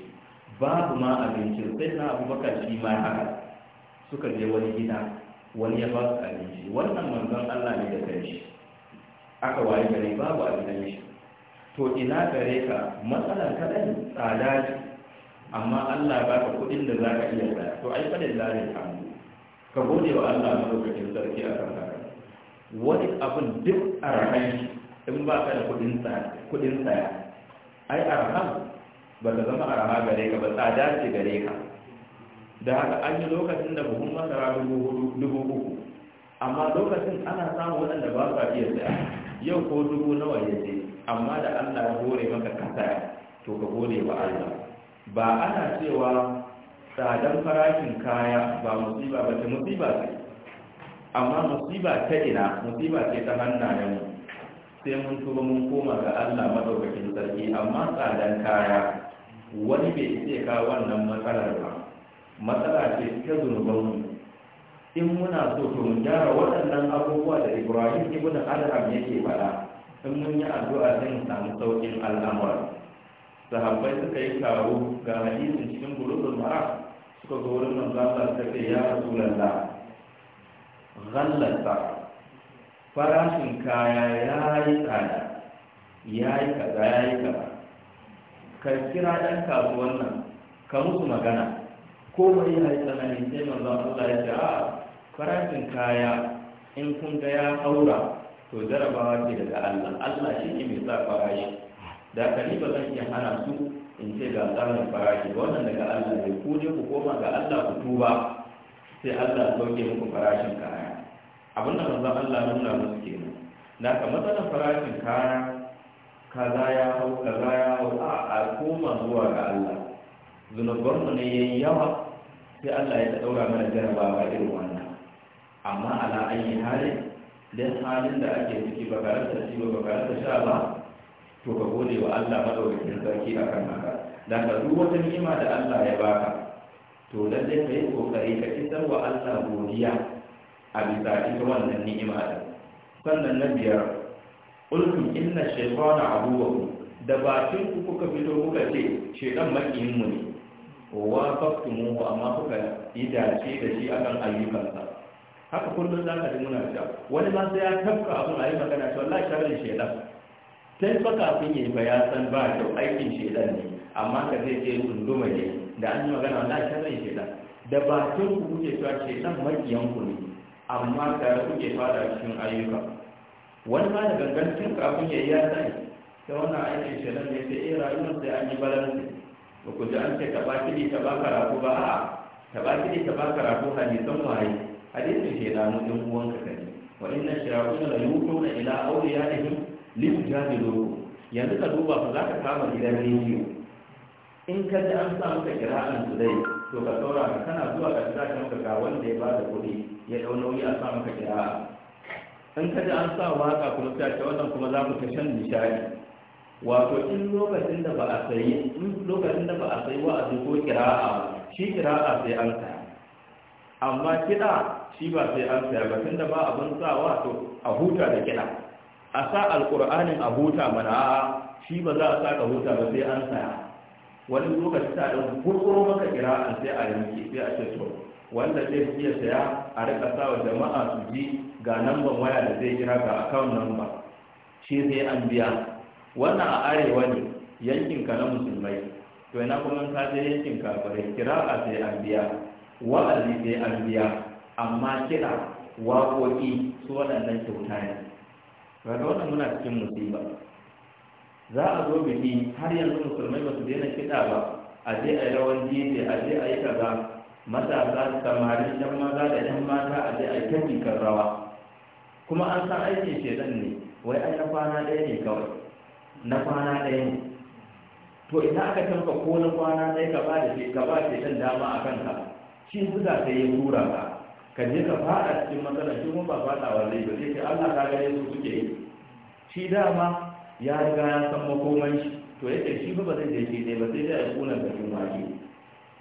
babu ma abinci sai na abubakar shi ma haka suka je wani gida wani ya ba su abinci wannan manzan Allah ne da shi. aka waye gare babu abincin shi to ina gare ka matsalar kaɗai tsada ce amma Allah ba ka kuɗin da za ka iya tsaya to ai fadin lalin hannu ka gode wa Allah lokacin sarki a kanka wani abin duk arhan in ba ka da kudin tsaya? ai arhan ba ta zama arha gare ka ba tsada ce gare ka da haka an yi lokacin da buhun masara dubu uku amma lokacin ana samun waɗanda ba sa iya saya yau ko dubu nawa ya ce amma da allah ya gore maka kasa to ka gode wa allah ba ana cewa tsadan farashin kaya ba musiba ba ta musiba sai amma musiba ta ina musiba ce ta hannayen sai mun tuba mun koma ga Allah madaukakin sarki amma tsadan kaya wani bai ce ka wannan matsalar ba matsala ce ta zunuban mu in muna so to mu gyara waɗannan abubuwa da Ibrahim ibn Adham yake faɗa in mun yi addu'a sai mu samu sauƙin al'amura sahabbai suka yi taro ga hadisin cikin bulugul mara suka zo wurin manzo Allah suka ce ya zallata farashin kaya ya yi tsada ya yi kaza ya yi kaza ka kira ɗan kasuwan nan ka musu magana komai ya yi tsanani sai zan Allah ya ce a farashin kaya in kun ga ya haura to jarabawa ce daga Allah Allah shi ne mai sa farashi da kani ba zan iya hana su in ce ga tsarin farashi wannan daga Allah ne ku je ku koma ga Allah ku tuba sai Allah sauke muku farashin kaya abinda manzan Allah nuna musu nan na ka matsalar farashin kaya kaza ya hau kaza ya hau a koma zuwa ga Allah Zunubar mu ne yayi yawa sai Allah ya daura mana jarabawa irin wannan amma ala ayi hali dan halin da ake ciki ba ga rasa shi ba ga rasa sha ba to ka gode wa Allah madaukakin sarki akan haka dan ka duba wata ni'ima da Allah ya baka to lalle kai kokari ka kisar wa Allah godiya a bisa ita wannan ni'ima din sannan na biyar ulkum inna shaytana aduwwakum da bakin ku kuka fito kuka ce shaytan makiyin mu ne wa ku amma kuka yi dace da shi akan ayyukansa haka kullum za ka ji muna da wani ma sai ya tafka abin a yi magana cewa la sharri shaytan sai fa kafin yi ba ya san ba kyau aikin shedan ne amma ka zai ce tsunduma ne da an yi magana wannan sharrin shedan da bakin ku kuke cewa shedan makiyan ku ne amma tare kuke fada cikin ayyuka wani ma da gangancin kafin ya yi ya sani ta wannan aikin shirin ne sai iya eh, rayuwar sai an yi balansi ba ku ji an ce ta bakiri ta ba karatu ba a ta bakiri ta karatu hadisan waye hadisin ke na ɗin uwan ka ne wa inna shirakun yuko na ila jami liyujadilu yanzu ka duba fa ka kama gidan rediyo in ka ji an sa maka kira'an su dai to ka saura kana zuwa ka tsaka ka ga wanda ya ba da kuɗi ya ɗau nauyi a sa maka kira in ka ji an sa waƙa kuma sai ce wannan kuma za ku ta shan nishaɗi. wato in lokacin da ba a sayi in lokacin da ba a sayi wa'azi ko kira'a shi kira'a sai an sa amma kiɗa shi ba sai an saya ba tunda ba abin sa to a huta da kiɗa a sa alƙur'anin a huta mana shi ba za a sa ka huta ba sai an saya wani lokaci ta da gurguro maka kira'a sai a yanki sai a ce to wanda zai iya saya a rika sawa jama'a su ji ga namban waya da zai kira ga account number shi zai an biya wannan a arewa ne yankinka na musulmai to ina kuma ka je yankin kafirai kira a sai an biya wa'azi zai an biya amma kira waƙoƙi su waɗannan kyauta ne ga wannan muna cikin musiba za a zo biki har yanzu musulmai ba su daina kiɗa ba a je a yi rawan dj a je a yi kaza matasa samarin yan maza da yan mata a je a kyan kan rawa kuma an san aikin shedan ne wai ai na kwana ɗaya ne kawai na kwana ɗaya ne to ina aka canza ko na kwana ɗaya ka ba da shi ka ba shedan dama a kanka shi zuga ta yi tura ka ka je ka fara cikin matsalar shi kuma ba faɗawa zai ba sai ce Allah ka gare su suke yi shi dama ya riga ya san makomai shi to yake shi ba zai je shi ne ba sai dai a kunan da juna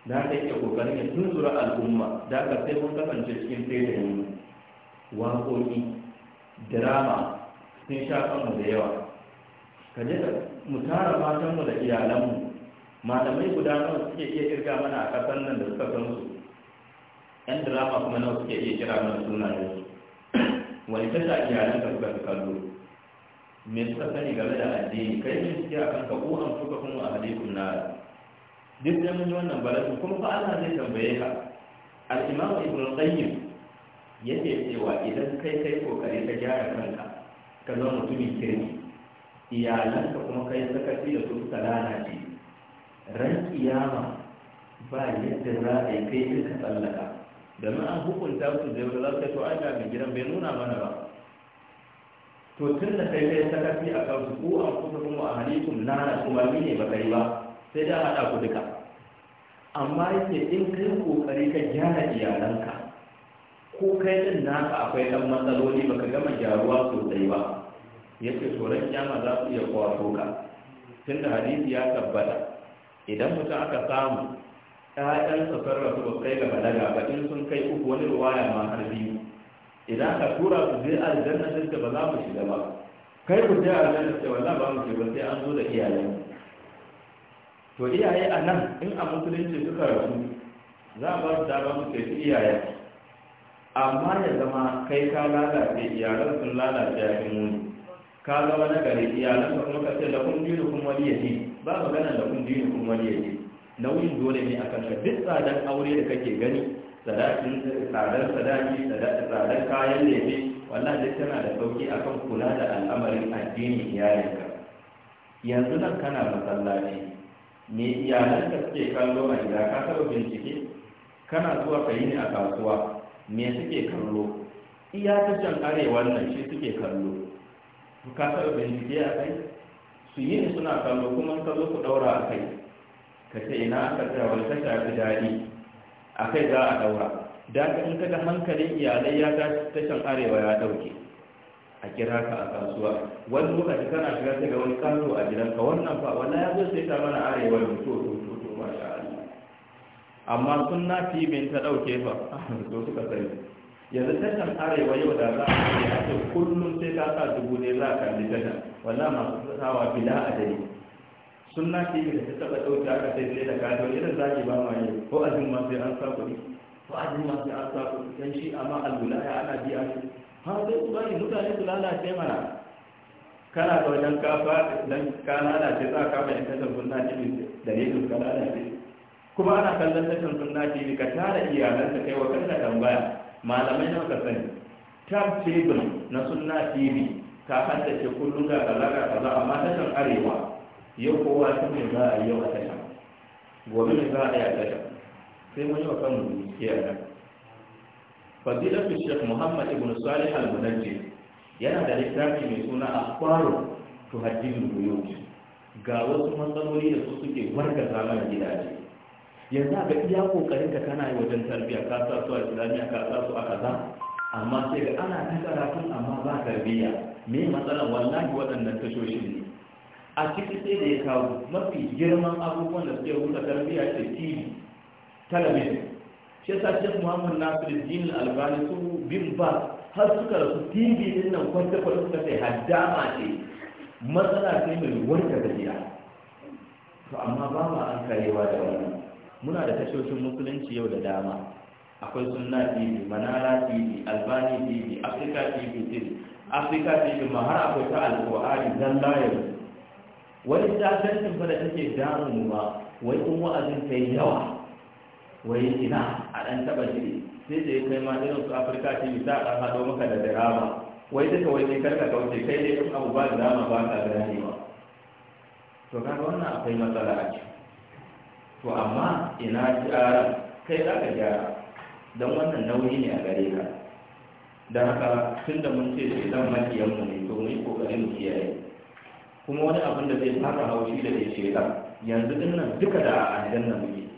Na ta yake kokarin ya tunzura al'umma da aka sai mun kasance cikin tsayin waƙoƙi drama sun sha kanmu da yawa ka je ka mu tara matanmu da iyalanmu malamai guda nawa suke iya kirga mana a ƙasar nan da suka san su yan drama kuma nawa suke iya kira mana da su wani tasha iyalan ka suka fi kallo me suka sani game da addini kai ne suke a kanka ko an suka kuma a halittun na duk da mun yi wannan bala'in kuma fa Allah zai tambaye ka al-imam ibn qayyim yake cewa idan kai kai kokari ka gyara kanka ka zama mutumin kirki iyalanka kuma kai sakaci da su ka lalace ran kiyama ba yadda za a yi kai in ka tsallaka domin an hukunta su da yau za su to ai mai gidan bai nuna mana ba to tun da kai kai sakaci a kan su ko an kusa kuma a na na kuma ne ba kai ba sai da haɗa ku duka amma yake in kai kokari ka gyara iyalanka ko kai din naka akwai dan matsaloli baka gama gyaruwa sosai ba yake tsoron kyama za su iya kwato ka tunda hadisi ya tabbata idan mutum aka samu ‘ya'yansa sun rasu ba kai ga balaga ba in sun kai uku wani ruwaya ma har biyu idan ka tura su je aljanna duk ba za mu shiga ba kai ku je aljanna sai wala ba mu shiga sai an zo da iyalanka to iyaye a nan in a musulunci suka rasu za a ba su dama su kai iyaye amma ya zama kai ka lalace iyalan sun lalace a yin wuni ka zama na gari iyalan sun kuma kace da kun jini kun wani yaji ba magana da kun jini kun wani yaji nauyin dole ne a kanka duk tsadan aure da kake gani sadakin tsadar sadaki tsadar kayan lebe wallahi duk tana da sauki akan kula da al'amarin addinin iyayenka yanzu nan kana masallaci me iyalan da suke kallo a gida ka taɓa bincike kana zuwa ka yi ne a kasuwa me suke kallo iyakacin tashan arewa nan shi suke kallo ka taɓa bincike a kai su yi ne suna kallo kuma ka zo ku ɗaura a kai ka ce ina aka tsaya wani ta shafi daɗi a kai za a ɗaura da in ka ga hankalin iyalai ya ta tashan arewa ya ɗauke a kira ka a kasuwa wani lokaci kana shiga sai ga wani kaso a gidan ka. wannan fa Wala ya zo sai ta mana arewa da to to to to masha Allah amma sunna bin ta dauke fa to suka sani yanzu tashan arewa yau da za a yi ake ce kullum sai ka sa dubu ne za ka kalli tashan wallah masu sawa bila adadi sunna fi da ta taba dauke aka sai sai da kaso irin zaki ba ma yi ko azumma sai an sa kuɗi ko azumma sai an sa kuɗi dan shi amma alwilaya ana biya shi har zai su ne, mutane su lalace mana kana da wajen kafa dan ka lalace za ka bayan kasar sunna tv dalilin ka lalace kuma ana kallon tashin sunna tv ka tara iyalan ka kai wa kanka tambaya malamai nawa ka sani tab table na sunna tv ka haddace kullum ga kaza ga kaza amma tashar arewa yau kowa ta mai za a yi yau a gobe ne za a yi a tashin sai mun yi wa kanmu kiyar fadilatu Sheikh Muhammad ibn Salih al munajji yana da littafi mai suna to tuhaddidul buyut ga wasu matsaloli da su suke wargaza mana gidaje yanzu ga iya kokarin ka kana yi wajen tarbiyya ka sa su a islamiyya ka sa su a kaza amma sai ga ana ta karatun amma ba tarbiyya me matsalar wallahi waɗannan tashoshin ne a ciki sai da ya kawo mafi girman abubuwan da suke rusa tarbiyya ce tv talabijin shi ta shek muhammad nasiruddin albani su bin ba har suka rasu tv din nan kwanta kwanta suka sai haddama ce matsala ce mai warka tafiya? to amma ba ma an karewa da wannan muna da tashoshin musulunci yau da dama akwai sunna tv manara tv albani tv africa tv tv africa tv ma har akwai ta alƙur'ani zalla yanzu wani tasirin fa da take damu ba wai in wa'azin ta yi yawa wai ina a ɗan taɓa jiri sai da ya kai ma irin su afirka ce bi za a ɗan haɗo maka da dirama wai duka wai ne karka kauce kai ne in abu ba da dama ba ka ba to ga wannan akwai matsala a ciki to amma ina gyara kai za ka gyara don wannan nauyi ne a gare ka da haka tun da mun ce da idan makiyanmu ne to mu yi kokarin mu kiyaye kuma wani abin da zai fara haushi da zai ce yanzu dinnan duka da a aljanna muke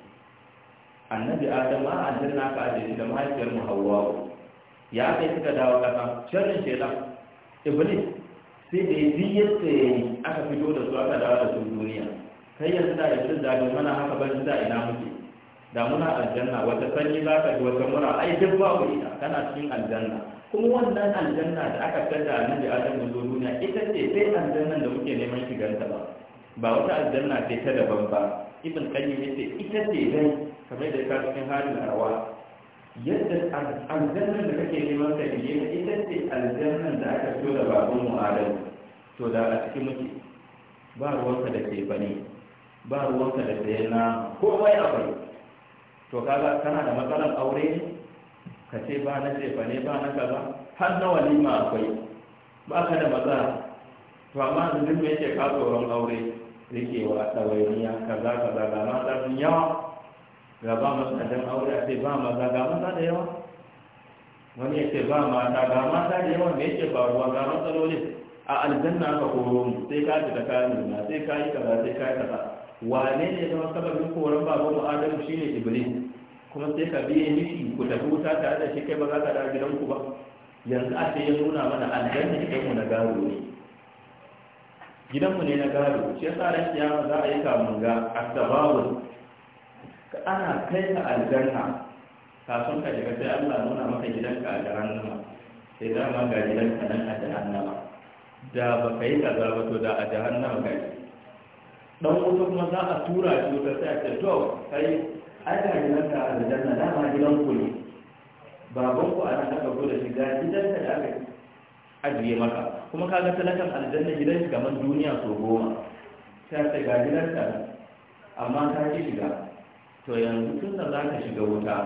annabi adam ma aljanna ka aje shi da mahaifiyar mu hawwa ya kai suka dawo kasa Shirin shedan iblis sai da yi biyar yi aka fito da su aka dawo da su duniya kai yanzu da yanzu da ga mana haka ban da ina muke da muna aljanna wata sanyi za ka ji wata mura ai duk ku ita kana cikin aljanna kuma wannan aljanna da aka tada annabi adam da zo duniya ita ce sai aljannan da muke neman shiganta ba ba wata aljanna ce ta daban ba ibn qayyim yace ita ce dai kamar da ka cikin halin rawa yadda aljannan da kake neman yi ne ita ce aljannan da aka so da babun mu'adam to da a cikin muke ba ruwanka da ke bane ba ruwanka da ke na komai abu to kaga kana da matsalar aure ne ka ce ba na ce bane ba na kaza har na walima akwai ba ka da matsala to amma zunubin yake ka tsoron aure wa ɗawainiya kaza kaza ga mata sun yawa ga ba matsadan aure a ce ba maza ga mata da yawa wani ya ce ba mata ga mata da yawa me ba ruwa ga matsalolin a aljanna ka koro mu sai ka ji da ka nuna sai ka yi kaza sai ka yi kaza wane ne zama sababin koran baban mu adamu shine iblis kuma sai ka biye mishi ku tafi wuta tare da shi kai ba za ka dawo gidanku ba yanzu a ce ya nuna mana aljanna idan mu na gawo ne gidanmu ne na gado shi yasa ran kiyama za a yi kamun ga asbabun ka ana kai ka aljanna kafin ka shiga sai Allah nuna maka gidanka a nama sai da ma ga gidanka nan a nama da ba ka yi kaza ba to da a nama ga dan wuta kuma za a tura shi wuta sai a ce to kai ai ga gidanka a aljanna da ma gidanku ne babanku ana aka ko da shi gidanka da aka ajiye maka kuma kaga talakan aljanna gidan shi kamar duniya so goma ta ce ga ta amma ta ki shiga to yanzu tun da za ka shiga wuta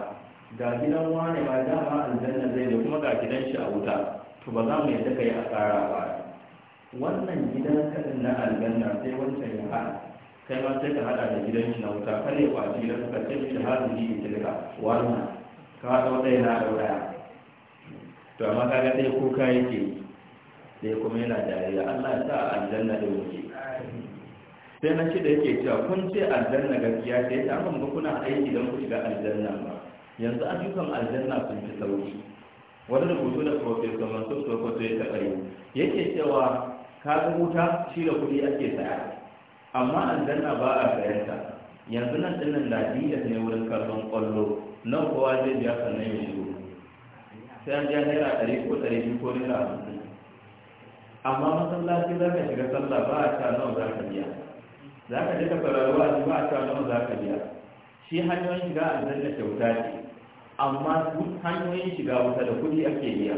ga gidan wane da dama aljanna zai da kuma ga gidan shi a wuta to ba za mu yadda ka yi asara ba wannan gidan kaɗin na aljanna sai wancan ya haɗa kai ma sai ka hada da gidan shi na wuta kare kwaci da ka ce shi hazin yi tilka wannan ka haɗa ɗaya na ɗaya to amma ka ga ɗaya kuka yake sai kuma yana dariya Allah ya sa aljanna da wuce sai na ce da yake cewa kun ce aljanna gaskiya sai ta amma ba kuna aiki don ku shiga aljanna ba yanzu ayyukan aljanna sun fi sauki wani rubutu da profesor mansur sokoto ya taɓa yi yake cewa ka wuta shi da kuɗi ake saya amma aljanna ba a sayanta yanzu nan ɗinnan ladiya ne wurin kallon ƙwallo nan kowa zai biya sannan ya shigo sai an biya naira ɗari ko ɗari biyu ko naira hamsin amma masallaci za ka shiga sallah ba a ta nawa za ka biya za ka je ka fararwa a ba a ta nawa za ka biya shi hanyoyin shiga a aljanna kyauta ce amma duk hanyoyin shiga wuta da kuɗi ake biya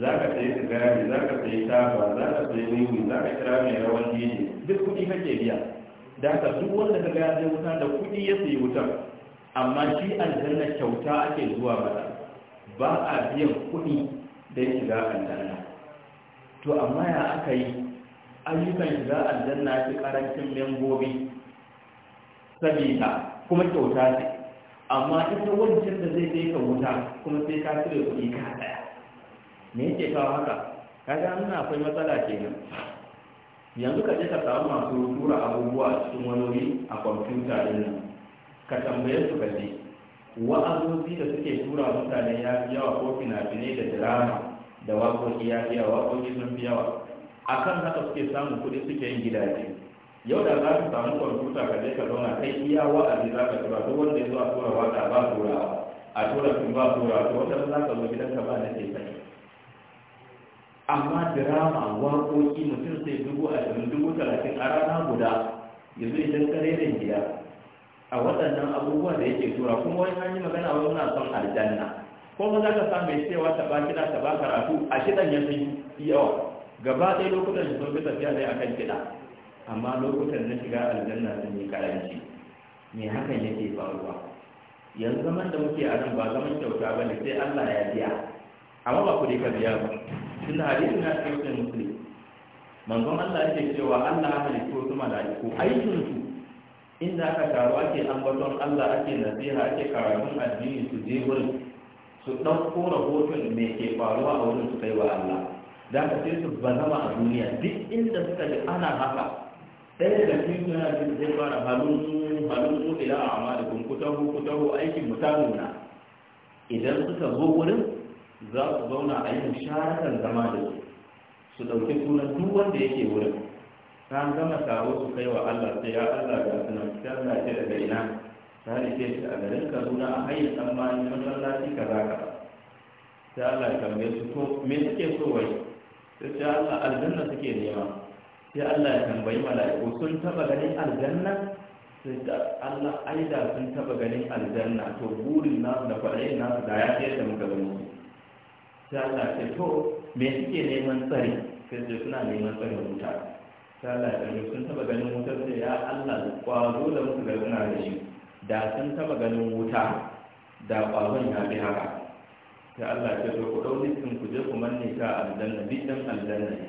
za ka sayi sigari za ka sayi taba za ka sayi wiwi za ka kira mai rawan jini duk kuɗi kake biya da ka duk wanda ka gaya zai wuta da kuɗi ya sayi wutar amma shi aljanna kyauta ake zuwa mata ba a biyan kuɗi don shiga aljanna to amma ya aka yi ayyukan shiga aljanna fi karancin membobi Sabida, kuma kyauta ce amma ita wancan da zai kai ka wuta kuma sai ka cire kuɗi ka daya me yake kawo haka kaga na akwai matsala kenan yanzu ka je ka samu masu tura abubuwa a cikin wani a kwamfuta din nan ka tambaye su ka je wa'azozi da suke tura mutane ya fi yawa ko fina-finai da drama da waƙoƙi ya biya waƙoƙi sun fi yawa kan haka suke samun kuɗi suke yin gidaje yau da za ka samu kwamfuta ka je ka zauna kai iya wa'azi za ka tura duk wanda ya zo a tura waƙa ba tura a tura sun ba tura to wata za ka zo gidanka ba na ce kai amma dirama waƙoƙi mutum sai dubu ashirin dubu talatin a rana guda yanzu idan ka rere gida a waɗannan abubuwa da yake tura kuma wani hanyar magana wani na son aljanna ko ma za ka sa mai cewa ta ba kiɗa ta ba karatu a kiɗan ya sun yawa gaba ɗaya lokutan shi sun fi tafiya ne akan kiɗa amma lokutan na shiga aljanna sun yi karanci me hakan yake faruwa yanzu zaman da muke a nan ba zaman kyauta ba ne sai allah ya biya amma ba ku dai ka biya ba tun da hadisi na cikin musulmi manzon allah yake cewa allah ya halittu su mala'iku aikinsu inda aka taru ake ambaton allah ake nasiha ake karatun addini su je wurin su ɗauko rahoton me ke faruwa a wurin su kai wa Allah da ka sai su bazama a duniya duk inda suka ji ana haka ɗaya da cikin yana jin zai fara halun su ila a kutahu kutahu aikin mutanuna idan suka zo wurin za su zauna a yin sharakan zama da su su ɗauki sunan duk wanda yake wurin ta gama taro su kai wa Allah sai ya Allah ga sunan sai Allah ce daga ina ta rike shi a garin kaduna a hanyar ɗan bayan masallaci ka za ka sai allah ya tambaye su to me suke so wai sai ce allah aljanna suke nema sai allah ya tambayi mala'iku sun taɓa ganin aljanna sai ta allah aida sun taɓa ganin aljanna to burin nasu da kwaɗayin nasu da ya ce da muka gani sai allah ce to me suke neman tsari sai ce suna neman tsari wuta sai allah ya tambaye sun taɓa ganin wutar sai ya allah kwazo da muka gani suna da shi da sun taba ganin wuta da ƙwazon ya fi haka sai Allah ce to ku ɗau listin ku je ku manne ka aljanna bi dan aljanna ne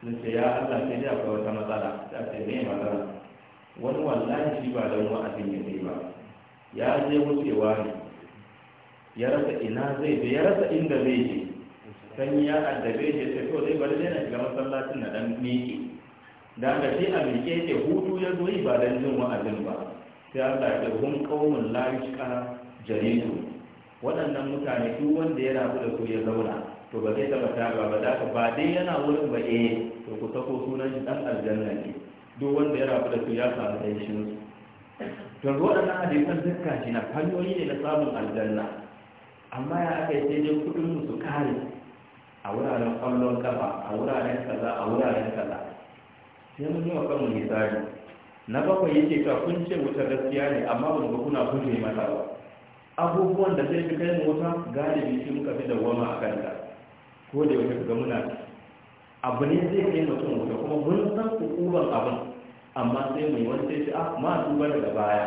sun ce ya Allah sai dai akwai wata matsala ta ce me matsala wani wallahi shi ba dan abin ya je ba ya je wucewa ne ya rasa ina zai je ya rasa inda zai je san ya addabe shi sai to zai bari na shiga masallacin na dan miƙe da ga shi a miƙe ke hutu ya zo yi ba dan jin wa'azin ba sai ya zaɓi hun qaumun la yashqa jaridu waɗannan mutane duk wanda ya rabu da ya zauna to ba zai taba taba ba da ba dai yana wurin ba eh to ku sako sunan shi ɗan aljanna ne duk wanda ya rabu da ya samu shi su to waɗannan hadisan dukkan shi na hanyoyi ne na samun aljanna amma ya aka sai dai kuɗin mu su kare a wuraren ƙwallon kafa a wuraren kaza a wuraren kaza sai mun yi wa kanmu hisabi na bakwai yake ka kun ce wuta gaskiya ne amma ba ga kuna hujje mata ba abubuwan da zai fi kai mu wuta galibi shi muka fi dawwama a kanta ko da yake ga muna abu ne zai kai mutum wuta kuma mun san kuban abin amma sai mu wani sai ce ah ma duba daga baya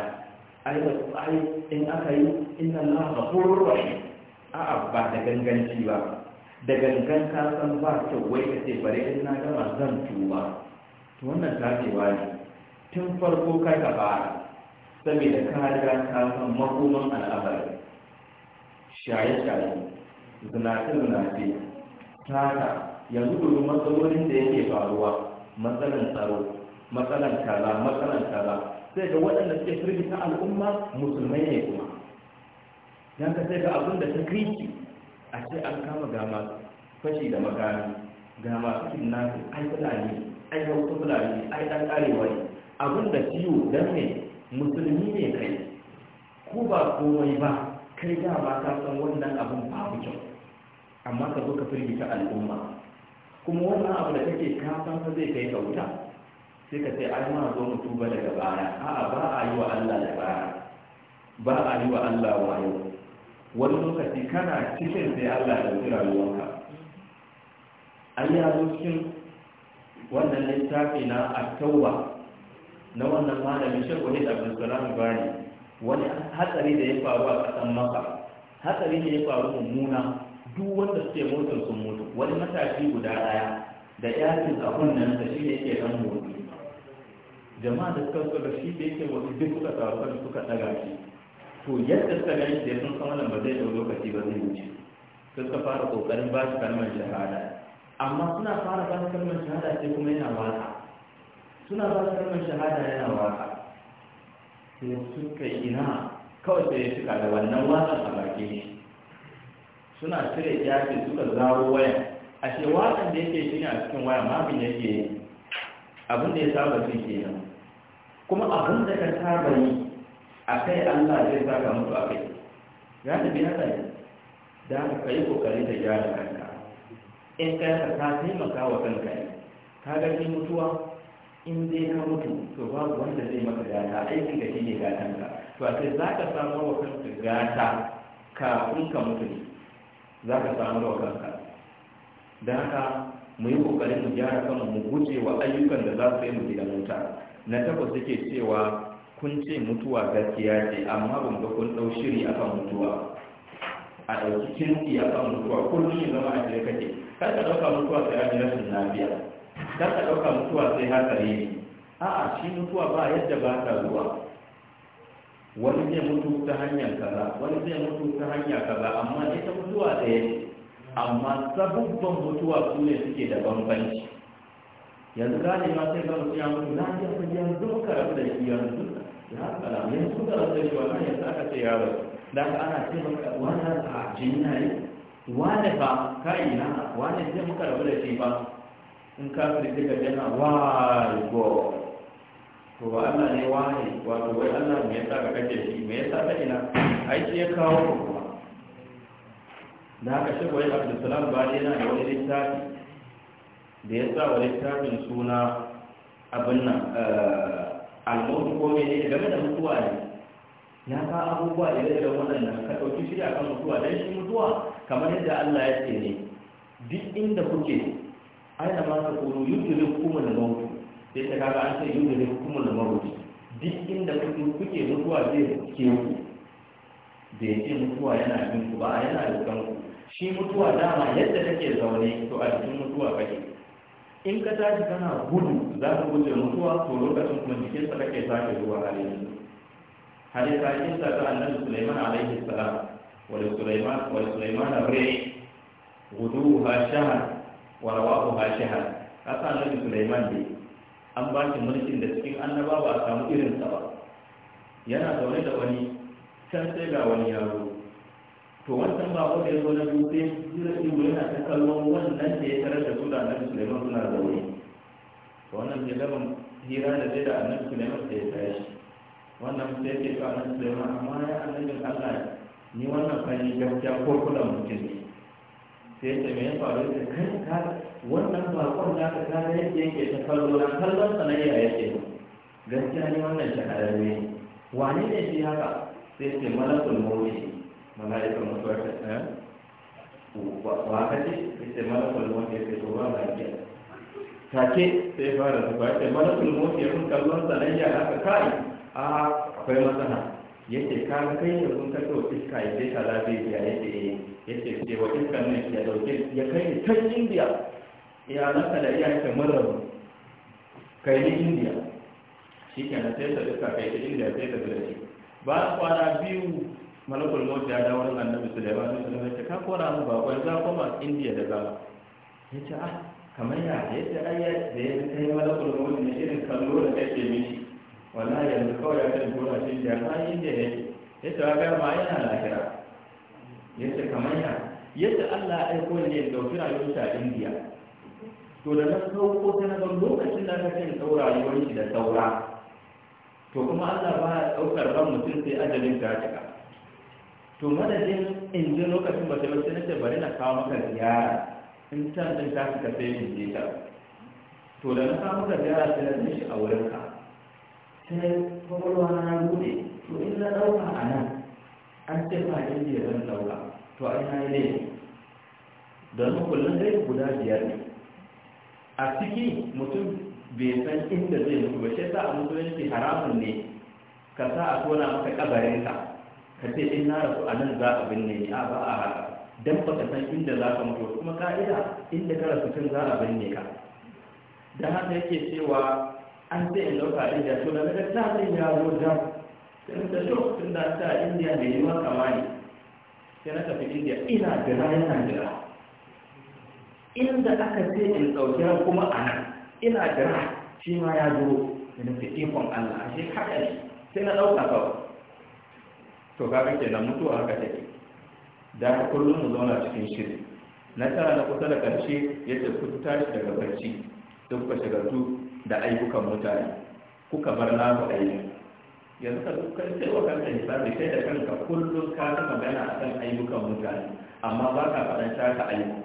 ai ba ai in aka yi inna allaha ghafurur rahim a'a ba da ganganci ba da gangan ka san ba kyau wai ka ce bare in na gama zan tuba to wannan tabewa ne tun farko kar ka fara saboda ka riga ka san makoman al'amari shaye-shaye zinace-zinace tata yanzu domin matsalolin da yake faruwa matsalan tsaro matsalan kaza matsalan kaza sai ga waɗanda suke firgita al'umma musulmai ne kuma don ka sai ga abin da ta kai a ce an kama ga masu fashi da makami ga masu kidnapping ai fulani ai hausa fulani ai ɗan ƙarewa ne abin da ciwo don ne musulmi ne kai ko ba komai ba kai da ba ta san wannan abin babu kyau amma ka zo ka firgita al'umma kuma wannan abu da kake ka san ka zai kai ka wuta sai ka ce ai ma zo mu tuba daga baya a'a ba a yi wa Allah da baya ba a yi wa Allah wayo wani lokaci kana cikin sai Allah ya dauki rayuwarka ai ya cikin wannan littafi na at-tauba na wannan malamin shi wani abdulsalam bani wani hatsari da ya faru a ƙasan maka hatsari da ya faru mummuna duk wanda suke motar sun mutu wani matashi guda daya da yakin a kunnen da shi ne yake dan motsi jama'a da suka suka shi da yake wasu duk suka kan suka daga shi to yadda suka gani da sun san wannan ba zai dau lokaci ba zai wuce suka fara ƙoƙarin ba shi kalmar shahada amma suna fara ba shi kalmar shahada sai kuma yana wata suna ba kalmar shahada yana waka sai suka ina kawai sai ya cika da wannan wasan a bakin suna cire jafi suka zawo waya a ce wasan da yake shine a cikin waya bin yake abin da ya saba shi ke nan kuma abin da ka saba yi a kai allah zai saka mutu a kai za ta biya ne da ka kai kokari da gyara kanka in kai ka taimaka wa kanka ne ka gani mutuwa in dai na mutu to babu wanda zai maka gata aikin ka shine gatan ka to a sai ka samu wa kanka gata kafin ka mutu ne ka samu wa kanka don haka mu yi kokarin mu gyara kanmu mu guje wa ayyukan da za su yi mu gida mota na takwas suke cewa kun ce mutuwa gaskiya ce amma ban ga kun ɗau shiri akan mutuwa a ɗauki kinti akan mutuwa kullum ya zama a shirka ke kar ka ɗauka mutuwa sai yi rashin lafiya kar ka ɗauka mutuwa sai haka ne a'a shi mutuwa ba yadda ba ta zuwa wani zai mutu ta hanyar kaza wani zai mutu ta hanya kaza amma ita mutuwa da ce amma sabubban mutuwa su ne suke da bambanci yanzu gane ma sai ga mutum mutu na ji yanzu muka rabu da shi yanzu ya kala yanzu da rabu da shi wannan yanzu aka ce ya rabu da ka ana ce maka wannan a jinna ne wane ba kai na wane zai muka rabu da shi ba in kafin da kaga yana why god to ba Allah ne why wato wai Allah me yasa ka kace shi me yasa ka ina ai shi kawo ku kuma da haka shi wai Abdul Salam ba yana da wani littafi da ya sa wa littafin suna abin nan eh, al ko ne game da mutuwa ne ya ka abubuwa da ya da waɗannan ka ɗauki shirya kan mutuwa don shi mutuwa kamar yadda Allah ya ce ne duk inda kuke da ma ta kono ne hukumar da mawuti sai ta kaga an ce ne hukumar da mawuti duk inda kuke kuke mutuwa zai ke ku da yake mutuwa yana bin ku ba yana kan ku shi mutuwa dama yadda take zaune to a cikin mutuwa kake in ka tashi kana gudu za ka guje mutuwa to lokacin kuma sa kake sake zuwa halin hadisa sa ta annabi Sulaiman alaihi salam wa Sulaiman wa Sulaiman ar-rih guduha shahr wa rawahu hashihan kasa annabi Sulaiman ne an ba shi mulkin da cikin annaba ba a samu irin sa ba yana zaune da wani can sai ga wani yaro to wannan ba ko da zo na biyu sai shi mu yana ta kallo wannan da ya tarar da su da annabi Sulaiman suna zaune to wannan ne gaban hira da zai da annabi Sulaiman sai ya tashi wannan sai ke ka annabi Sulaiman amma ya annabin Allah ni wannan fanni gaskiya ko kula mutum ne sai ta mai faru da kai ka wannan bakon da ka kada yake yake ta kallo na kallon sa na iya yake gaskiya ne wannan shahararre wane ne shi haka sai ce malakul mawuyi mala'ikar mutuwar ta ɗaya eh? wa ka ce sai ce malakul mawuyi ya ce to ba lafiya take sai fara zuba ya ce malakul mawuyi ya kun kallon sa na iya haka kai a akwai masana yake ka kai da sun ka fiska iska ya je ta lafiya Ya ce yace ce wa iskan ne ya dauke ya kai ni ta indiya Ya iyalanka da iya mun mara kai ni indiya shi na sai ta iska kai ta indiya sai ta zira shi ba kwana biyu malakul mawut ya dawo wurin annabi sulaiman ne sulaiman ce ka kora mu ba kwan za kuma indiya da zama ya ce ah kamar ya ya ce ayyar da ya kai malakul mawut ne irin kallo da kake mishi wallahi yanzu kawai ya kan gona shi da ma ya yake yace wa garma yana lahira yace kamar ya yace Allah ya aiko ne da dauki rayuwar ta a to da na sauko ta na lokacin da ka kan daura rayuwar shi da saura to kuma Allah ba ya daukar ban mutum sai ajalin ta cika to madadin in ji lokacin ba ta na ce bari na kawo maka ziyara in can din ta fita sai in je ta to da na kawo maka ziyara sai na shi a wurinka sai kwakwalwa na rude to in na ɗauka a nan an ce ma inda ya zan ɗauka to ai na yi laifi domin kullum zai guda biyar ne a ciki mutum bai san inda zai mutu ba shi sa a musulunci haramun ne ka sa a tona maka kabarinka ka ce in na rasu a nan za a binne ni a ba a haka ba ka san inda za ka mutu kuma ka'ida inda ka rasu tun za a binne ka dan haka yake cewa an sai in dauka inda to da daga ta sai ya zo da sai ta so tun da ta indiya mai yi maka mani sai na tafi indiya ina jira yana jira inda aka ce in dauki kuma a nan ina jira shi ma ya zo da na fi ikon allah ashe haka ne sai na ka kawai to ka kaga na mutuwa haka take da kullum mu zauna cikin shiri na tara na kusa da ƙarshe ya tafi tashi daga barci duk ba shagaltu da ayyukan mutane kuka bar naku aiki yanzu ka duka sai wa kanka hisabi kai da kanka kullum ka ta magana a kan ayyukan mutane amma ba ka faɗan shaka aiki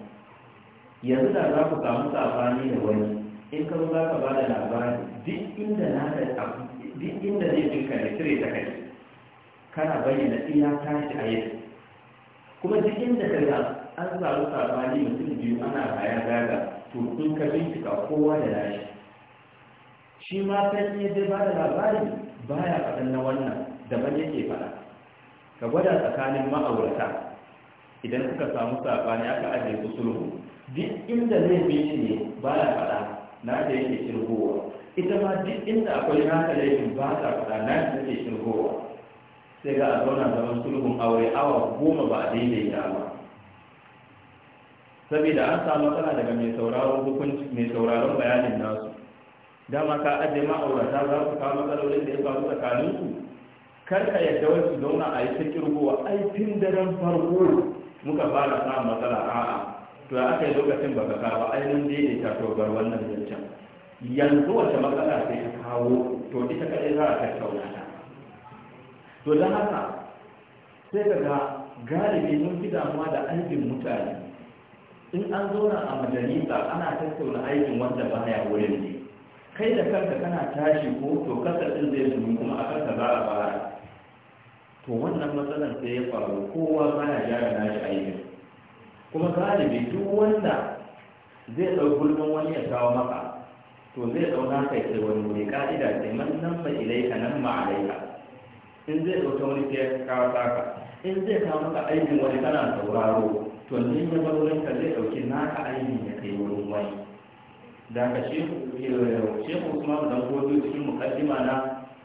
yanzu da za ku samu sabani da wani in ka za ka ba da labari duk inda na da abu duk inda zai jinka da cire ta kai kana bayyana iya tashi a yau kuma duk inda ka ga an samu sabani mutum biyu ana haya daga to in ka bincika kowa da nashi shi ma sanyi yi zai ba da labari ba ya faɗin na wannan daban yake faɗa ka gwada tsakanin ma'aurata idan suka samu saɓani aka ajiye su sulhu duk inda zai bi shi ne ba ya faɗa na da yake shirgowa ita ma duk inda akwai naka laifin ba ta faɗa na da yake shirgowa sai ga a zauna zaman sulhun aure awa goma ba a da ba saboda an samu matsala daga mai sauraron hukunci mai sauraron bayanin nasu dama ka ajiye ma'aurata za ku kawo matsalolin da ya faru tsakanin kar ka yadda wasu zauna a yi ta kirgowa ai tun daren farko muka fara samun matsala a'a to ya aka yi lokacin ba ka kawo ai mun daidaita to bar wannan zancen yanzu wata matsala sai ka kawo to ita kaɗai za a tattauna ta to don haka sai ka ga galibi mun fi damuwa da aikin mutane in an zauna a majalisa ana tattauna aikin wanda baya wurin ne kai da kanka kana tashi ko to kasar din zai zumi kuma a kanka za a fara to wannan matsalar sai ya faru kowa ma ya gyara shi aikin kuma galibi duk wanda zai ɗau gulman wani ya kawo maka to zai ɗau kai sai wani mai ka'ida ce man nan ilai ka nan ma alaika in zai ta wani sai ya kawo taka in zai kawo maka aikin wani kana sauraro to ni ya bar ka zai ɗauki naka aikin ya kai wurin wani da ka shehu usman da gobe cikin mukaddima na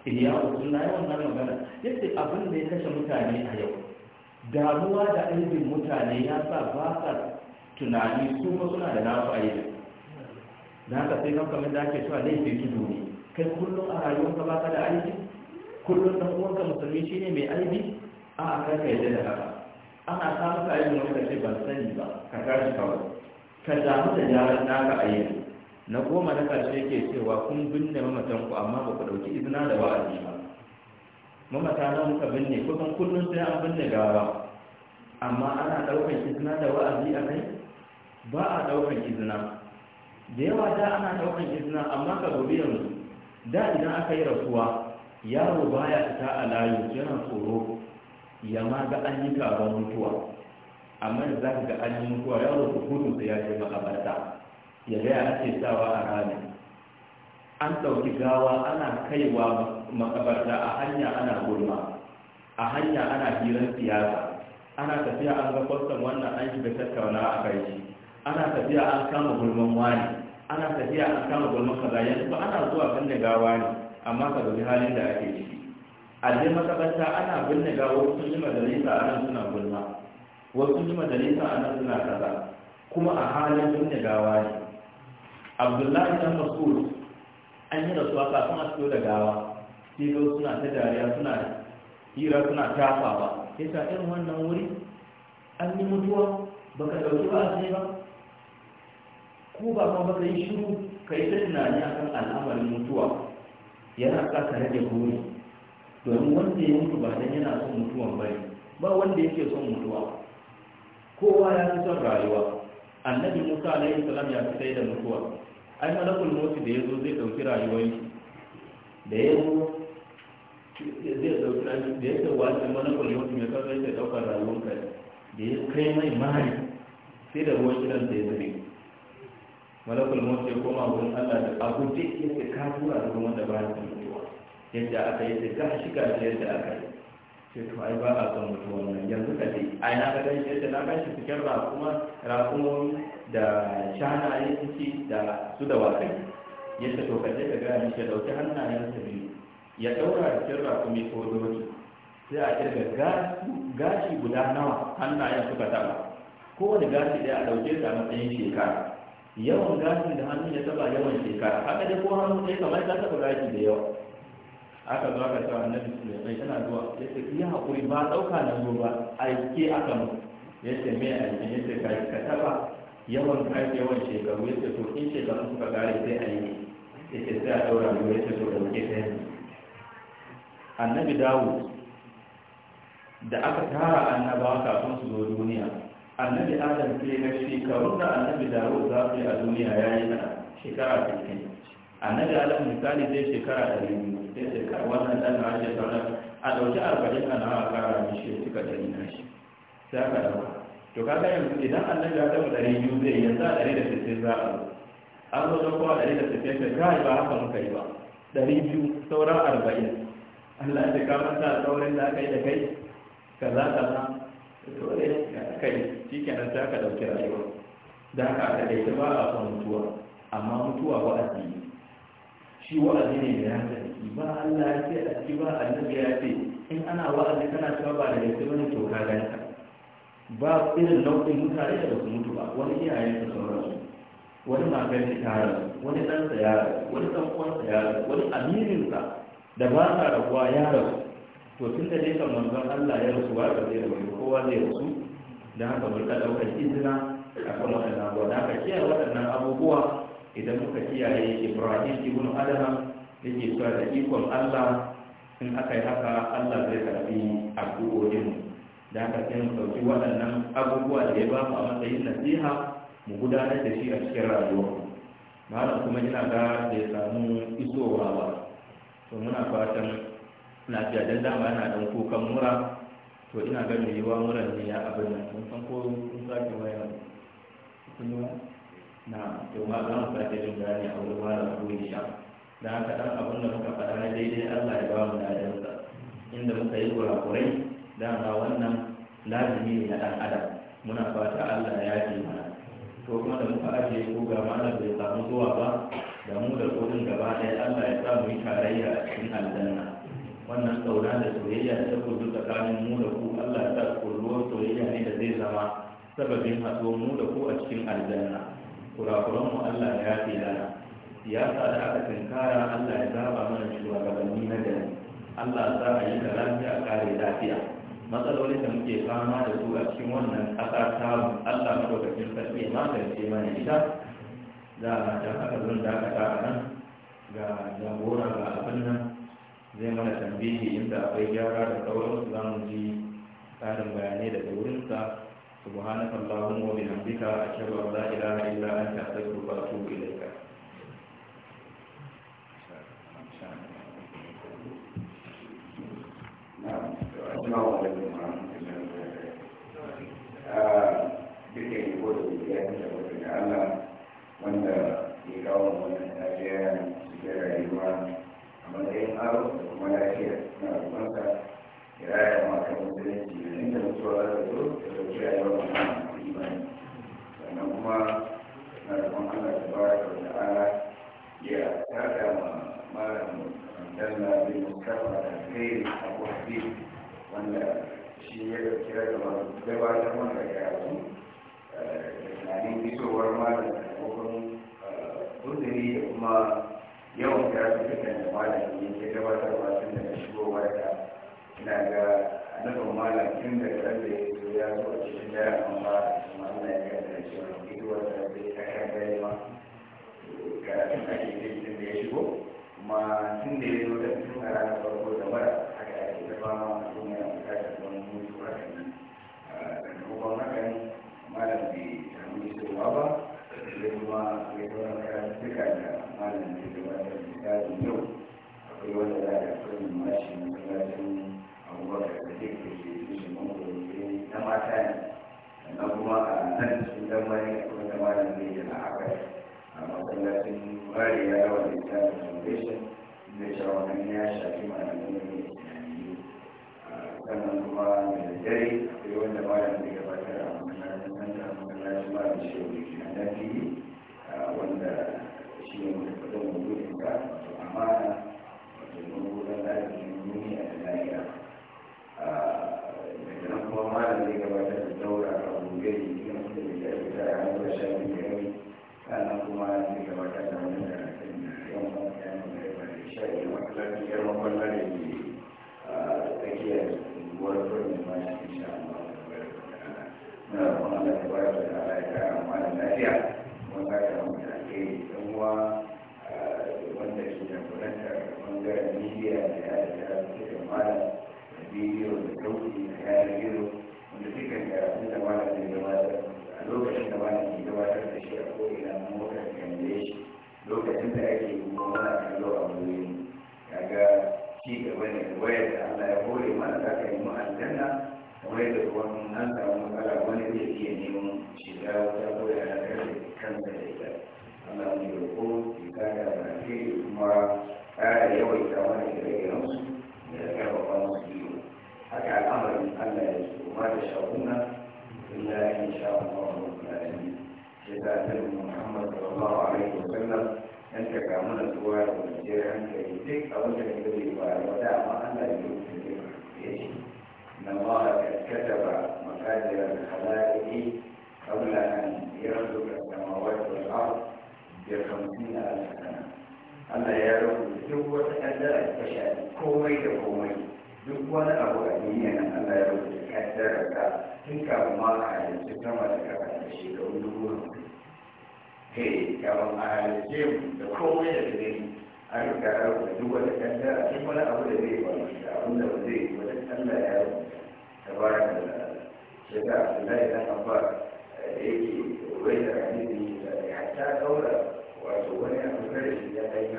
iya na yawan wannan magana yace abin da ya kashe mutane a yau damuwa da aibin mutane ya sa ba sa tunani su ma suna da nasu aibin da haka sai kan kamar da ake cewa laifin tudu ne kai kullum a rayuwarka ba ka da aiki kullum dan uwanka musulmi shine mai aibi a a ka yadda da haka ana samun ka aibin wani kace ban sani ba ka tashi kawai ka damu da jaran naka aibin na goma na ƙarshe ke cewa kun binne mamatan ku, amma ba ku ɗauki izina da wa'azi ba mamata na muka binne kusan kullum sai an binne gawa amma ana ɗaukan izina da wa'azi a kai ba a ɗaukan izina da yawa da ana ɗaukan izina amma ka gobe yanzu da idan aka yi rasuwa yaro baya fita a layu yana tsoro ya ma ga an yi taron mutuwa amma da za ka ga an yi mutuwa yaro ku gudu sai ya je makabarta yare a ake sawa a rami an ɗauki gawa ana kaiwa makabarta a hanya ana gulma a hanya ana hiran siyasa ana tafiya an ga kwastan wannan an shiga tattauna a kai shi ana tafiya an kama gulman wani ana tafiya an kama gulman kaza yanzu ba ana zuwa binne gawa ne amma ka gabi halin da ake ciki a je makabarta ana binne gawa sun yi majalisa a nan suna gulma wasu yi majalisa a nan suna kaza kuma a halin binne gawa ne abdullahi na mas'ud an yi rasuwa kafin kuma su da gawa sai suna ta dariya suna hira suna tafawa ya ta irin wannan wuri an yi mutuwa Ba ka dauki ba sai ba ko ba ma ka yi shiru ka yi ta tunani akan al'amarin mutuwa yana sa ka rage buri domin wanda ya mutu ba dan yana son mutuwan bane ba wanda yake son mutuwa kowa ya fi son rayuwa annabi musa alaihi salam ya fi sai da mutuwa ai malakul mauti da ya zo zai ɗauki rayuwar shi da ya zo zai ɗauki rayuwar da ya ce wa ce malakul mauti mai kasa yake ɗaukar rayuwar kai da ya kai mai mari sai da ruwan kiran da ya zube malakul mauti ya koma wurin allah da abu duk ya kasuwa da kuma da ba ya mutuwa yadda aka yi ta gashi gashi yadda aka yi ce to ai ba a son mutu wannan yanzu ka ce ai na ga gaishe yace na gashi cikin rakuma rakumomi da shanaye suke da su da wakai yace to ka je ka ga ni ka dauki hannayen ta biyu ya daura cikin rakumi ko doki sai a kirga gashi guda nawa hannayen suka taba kowane gashi dai a dauke ta matsayin shekara yawan gashin da hannun ya taɓa yawan shekara haka dai ko hannu ɗaya kamar ta taɓa gashi da yawa aka zo aka cewa annabi sulaiman tana zuwa ya ce ki hakuri ba dauka na zo ba aike aka mu ya ce me aike ya ce ka ka taɓa yawan kai yawan shekaru ya ce to in shekaru suka gare sai a yi ya ce sai a ɗaura mu ya ce to da muke yi annabi dawo da aka tara annabawa kafin su zo duniya annabi adam sai ga shekarun da annabi dawo za su yi a duniya ya yi na shekara 60 annabi adam misali zai shekara 200 sai da kai wannan dan na shi sauran a dauki arba'in a nawa kara mishi ya cika dari na shi sai aka dauka to kaga yanzu idan annabi ya gama ɗari biyu zai yanzu a ɗari da sittin za a an zo da kowa ɗari da sittin ka yi ba haka muka yi ba Ɗari biyu sauran arba'in Allah ya ka manta saurin da aka yi da kai ka kaza kaza to dai kai shi kenan sai aka ɗauki rayuwa da haka aka dai ba a mutuwa amma mutuwa wa'azi shi wa'azi ne da ya ba Allah ya ce a ciki ba annabi ya ce in ana wa'azi kana cewa ba da gaske bane to ka gani ba irin nau'in mutane da basu mutu ba wani iyayen su sun rasu wani magan shi ta rasu wani ɗansa ya rasu wani ɗan uwansa ya rasu wani amininsa da ba sa rabuwa ya rasu to tun da dai kan manzon Allah ya rasu wa ba zai rasu kowa zai rasu dan haka mun ka daukar izina a kan waɗannan abubuwa da haka kiyaye waɗannan abubuwa idan muka kiyaye ibrahim ibn adam yake cewa da ikon Allah in aka yi haka Allah zai karbi addu'o'in da aka sai mu ɗauki waɗannan abubuwa da ya ba mu a matsayin nasiha mu gudanar da shi a cikin rayuwa malam kuma ina ga da ya samu isowa ba to muna fatan lafiya dan dama yana dan kukan mura to ina ga mai yiwa muran ne ya abin nan kun san ko kun sake waya kun yi na to ma za mu sake jin bayani a wurin malam ko da haka dan abin da muka faɗa na daidai Allah ya ba mu ladansa inda muka yi kurakurai dama wannan lazimi ne na dan adam muna fata Allah ya yi mana to kuma da muka ajiye ko ga mana bai samu zuwa ba da mu da kodin gaba ɗaya Allah ya sa mu yi tarayya a cikin aljanna wannan tsauna da soyayya da ta kullu tsakanin mu da ku Allah ya sa kulluwar soyayya ne da zai zama sababin haɗuwar mu da ku a cikin aljanna mu Allah ya fi lana siyasa da aka tunkara Allah ya zaba mana shugabanni na gari Allah za a yi da lafiya kare lafiya matsalolin da muke fama da su a cikin wannan ƙasa ta Allah madaukakin sarki ya ce mana ita da da aka zun dakata a nan ga jagora ga abin nan zai mana tambayi inda akwai gyara da sauransu za mu ji tsarin bayanai daga wurinsa سبحانك اللهم وبحمدك أشهد أن لا إله إلا أنت أستغفرك وأتوب إليك Assalamu alaikum ah, ya wabarakatuh. Duka yi ko da ya fi tabbata da Allah wanda ya kawo wannan lafiya da rayuwa a matsayin aro da kuma lafiya na a ya raya ma kan musulunci da inda mutuwa za ta zo da dauki rayuwar wannan imani. Sannan kuma na ruban Allah ta bara ka wata ala ya wanda shi ya dauki ragama gabatar wanda karatu eh, da tunanin isowar malam da taimakon eh, uzuri da kuma yawan karatu dukkan da malam yake gabatarwa tun daga shigo ta ina ga nufin malam tun da ran ya zo ya zo a cikin daren amma malam ya gada da cewa idowar ta sai ta kan gari ma karatun ake da ya shigo kuma tun da ya zo da tun a ranar farko da mara fama mutum yana bukatar wani mutu a kan sakamakon hakan malam bai samu isowa ba sai kuma ya zama karatuka da malam bai gabatar misalin yau akwai wanda za a kan mashi masallacin abubakar da ke ke tushen mangoro na mata ne sannan kuma a nan cikin damar akwai da malam bai da la'akari a masallacin bari ya yawa da ita da foundation da shawarar ya shafi malamai day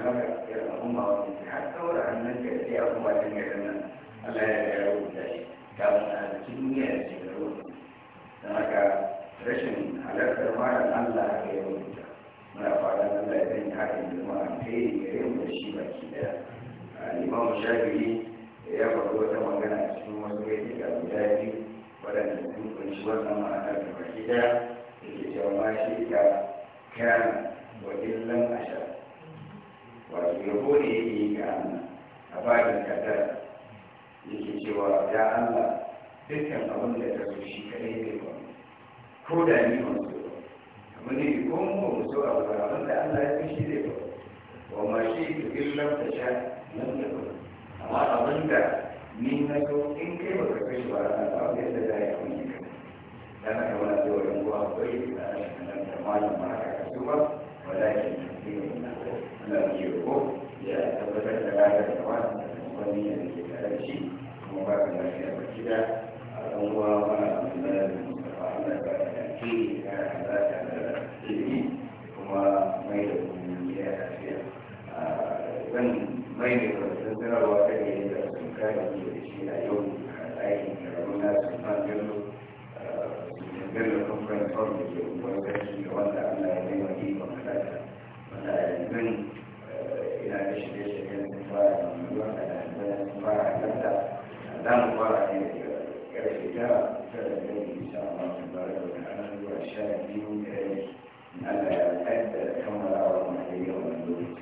maka cikin al'umma wani har saura hannun ka a kuma nan Allah ya ya rubuta shi duniya da shekaru don rashin halartar malam Allah haka muna fatan Allah ya zan haka da shi baki daya limamu shagiri ya faɗo magana cikin wasu gaji ga guda biyu waɗanda sun kunshi wannan da baki daya da wato rabo ne yake yi ga Allah a bayan kadara yake cewa ya Allah dukkan abin da ta so shi kadai zai ba ko da ni ba so ba amma ne ko mu ba so a ba abin da Allah ya so shi zai ba wa ma shi ta illan ta sha nan da ba amma abin da ni na so in kai ba ka kashe ba na ba yadda za ya kunye ka dan haka wani zai wa yan uwa bai da nan da malam ma haka ba walakin ne na na biyu ko da rayar da wa da kuma ba ba gida a ɗan uwa wani kuma mai da kuma ya lafiya zan mai da a yau a aikin karamin na da shi wanda ba الآن وراء الكتاب الذي إن شاء الله تبارك وتعالى هو الشاهدين على الأدى كما رأوا عليه ومن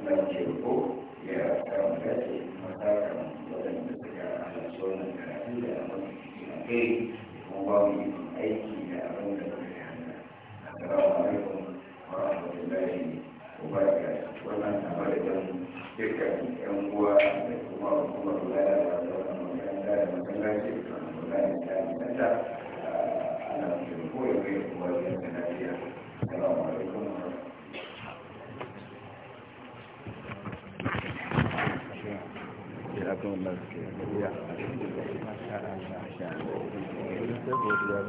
أما الجيبو يا كم فتي مساكم ولن نسكى على سورة كافية أمام كي مقاومي أيكي لأمام السلام عليكم ورحمة الله وبركاته ومن أبدا تلك الأنبوة من الله da masallaci da kayan sanda ana da koyar da kuma yin sanadiya salamu alaikum Gracias.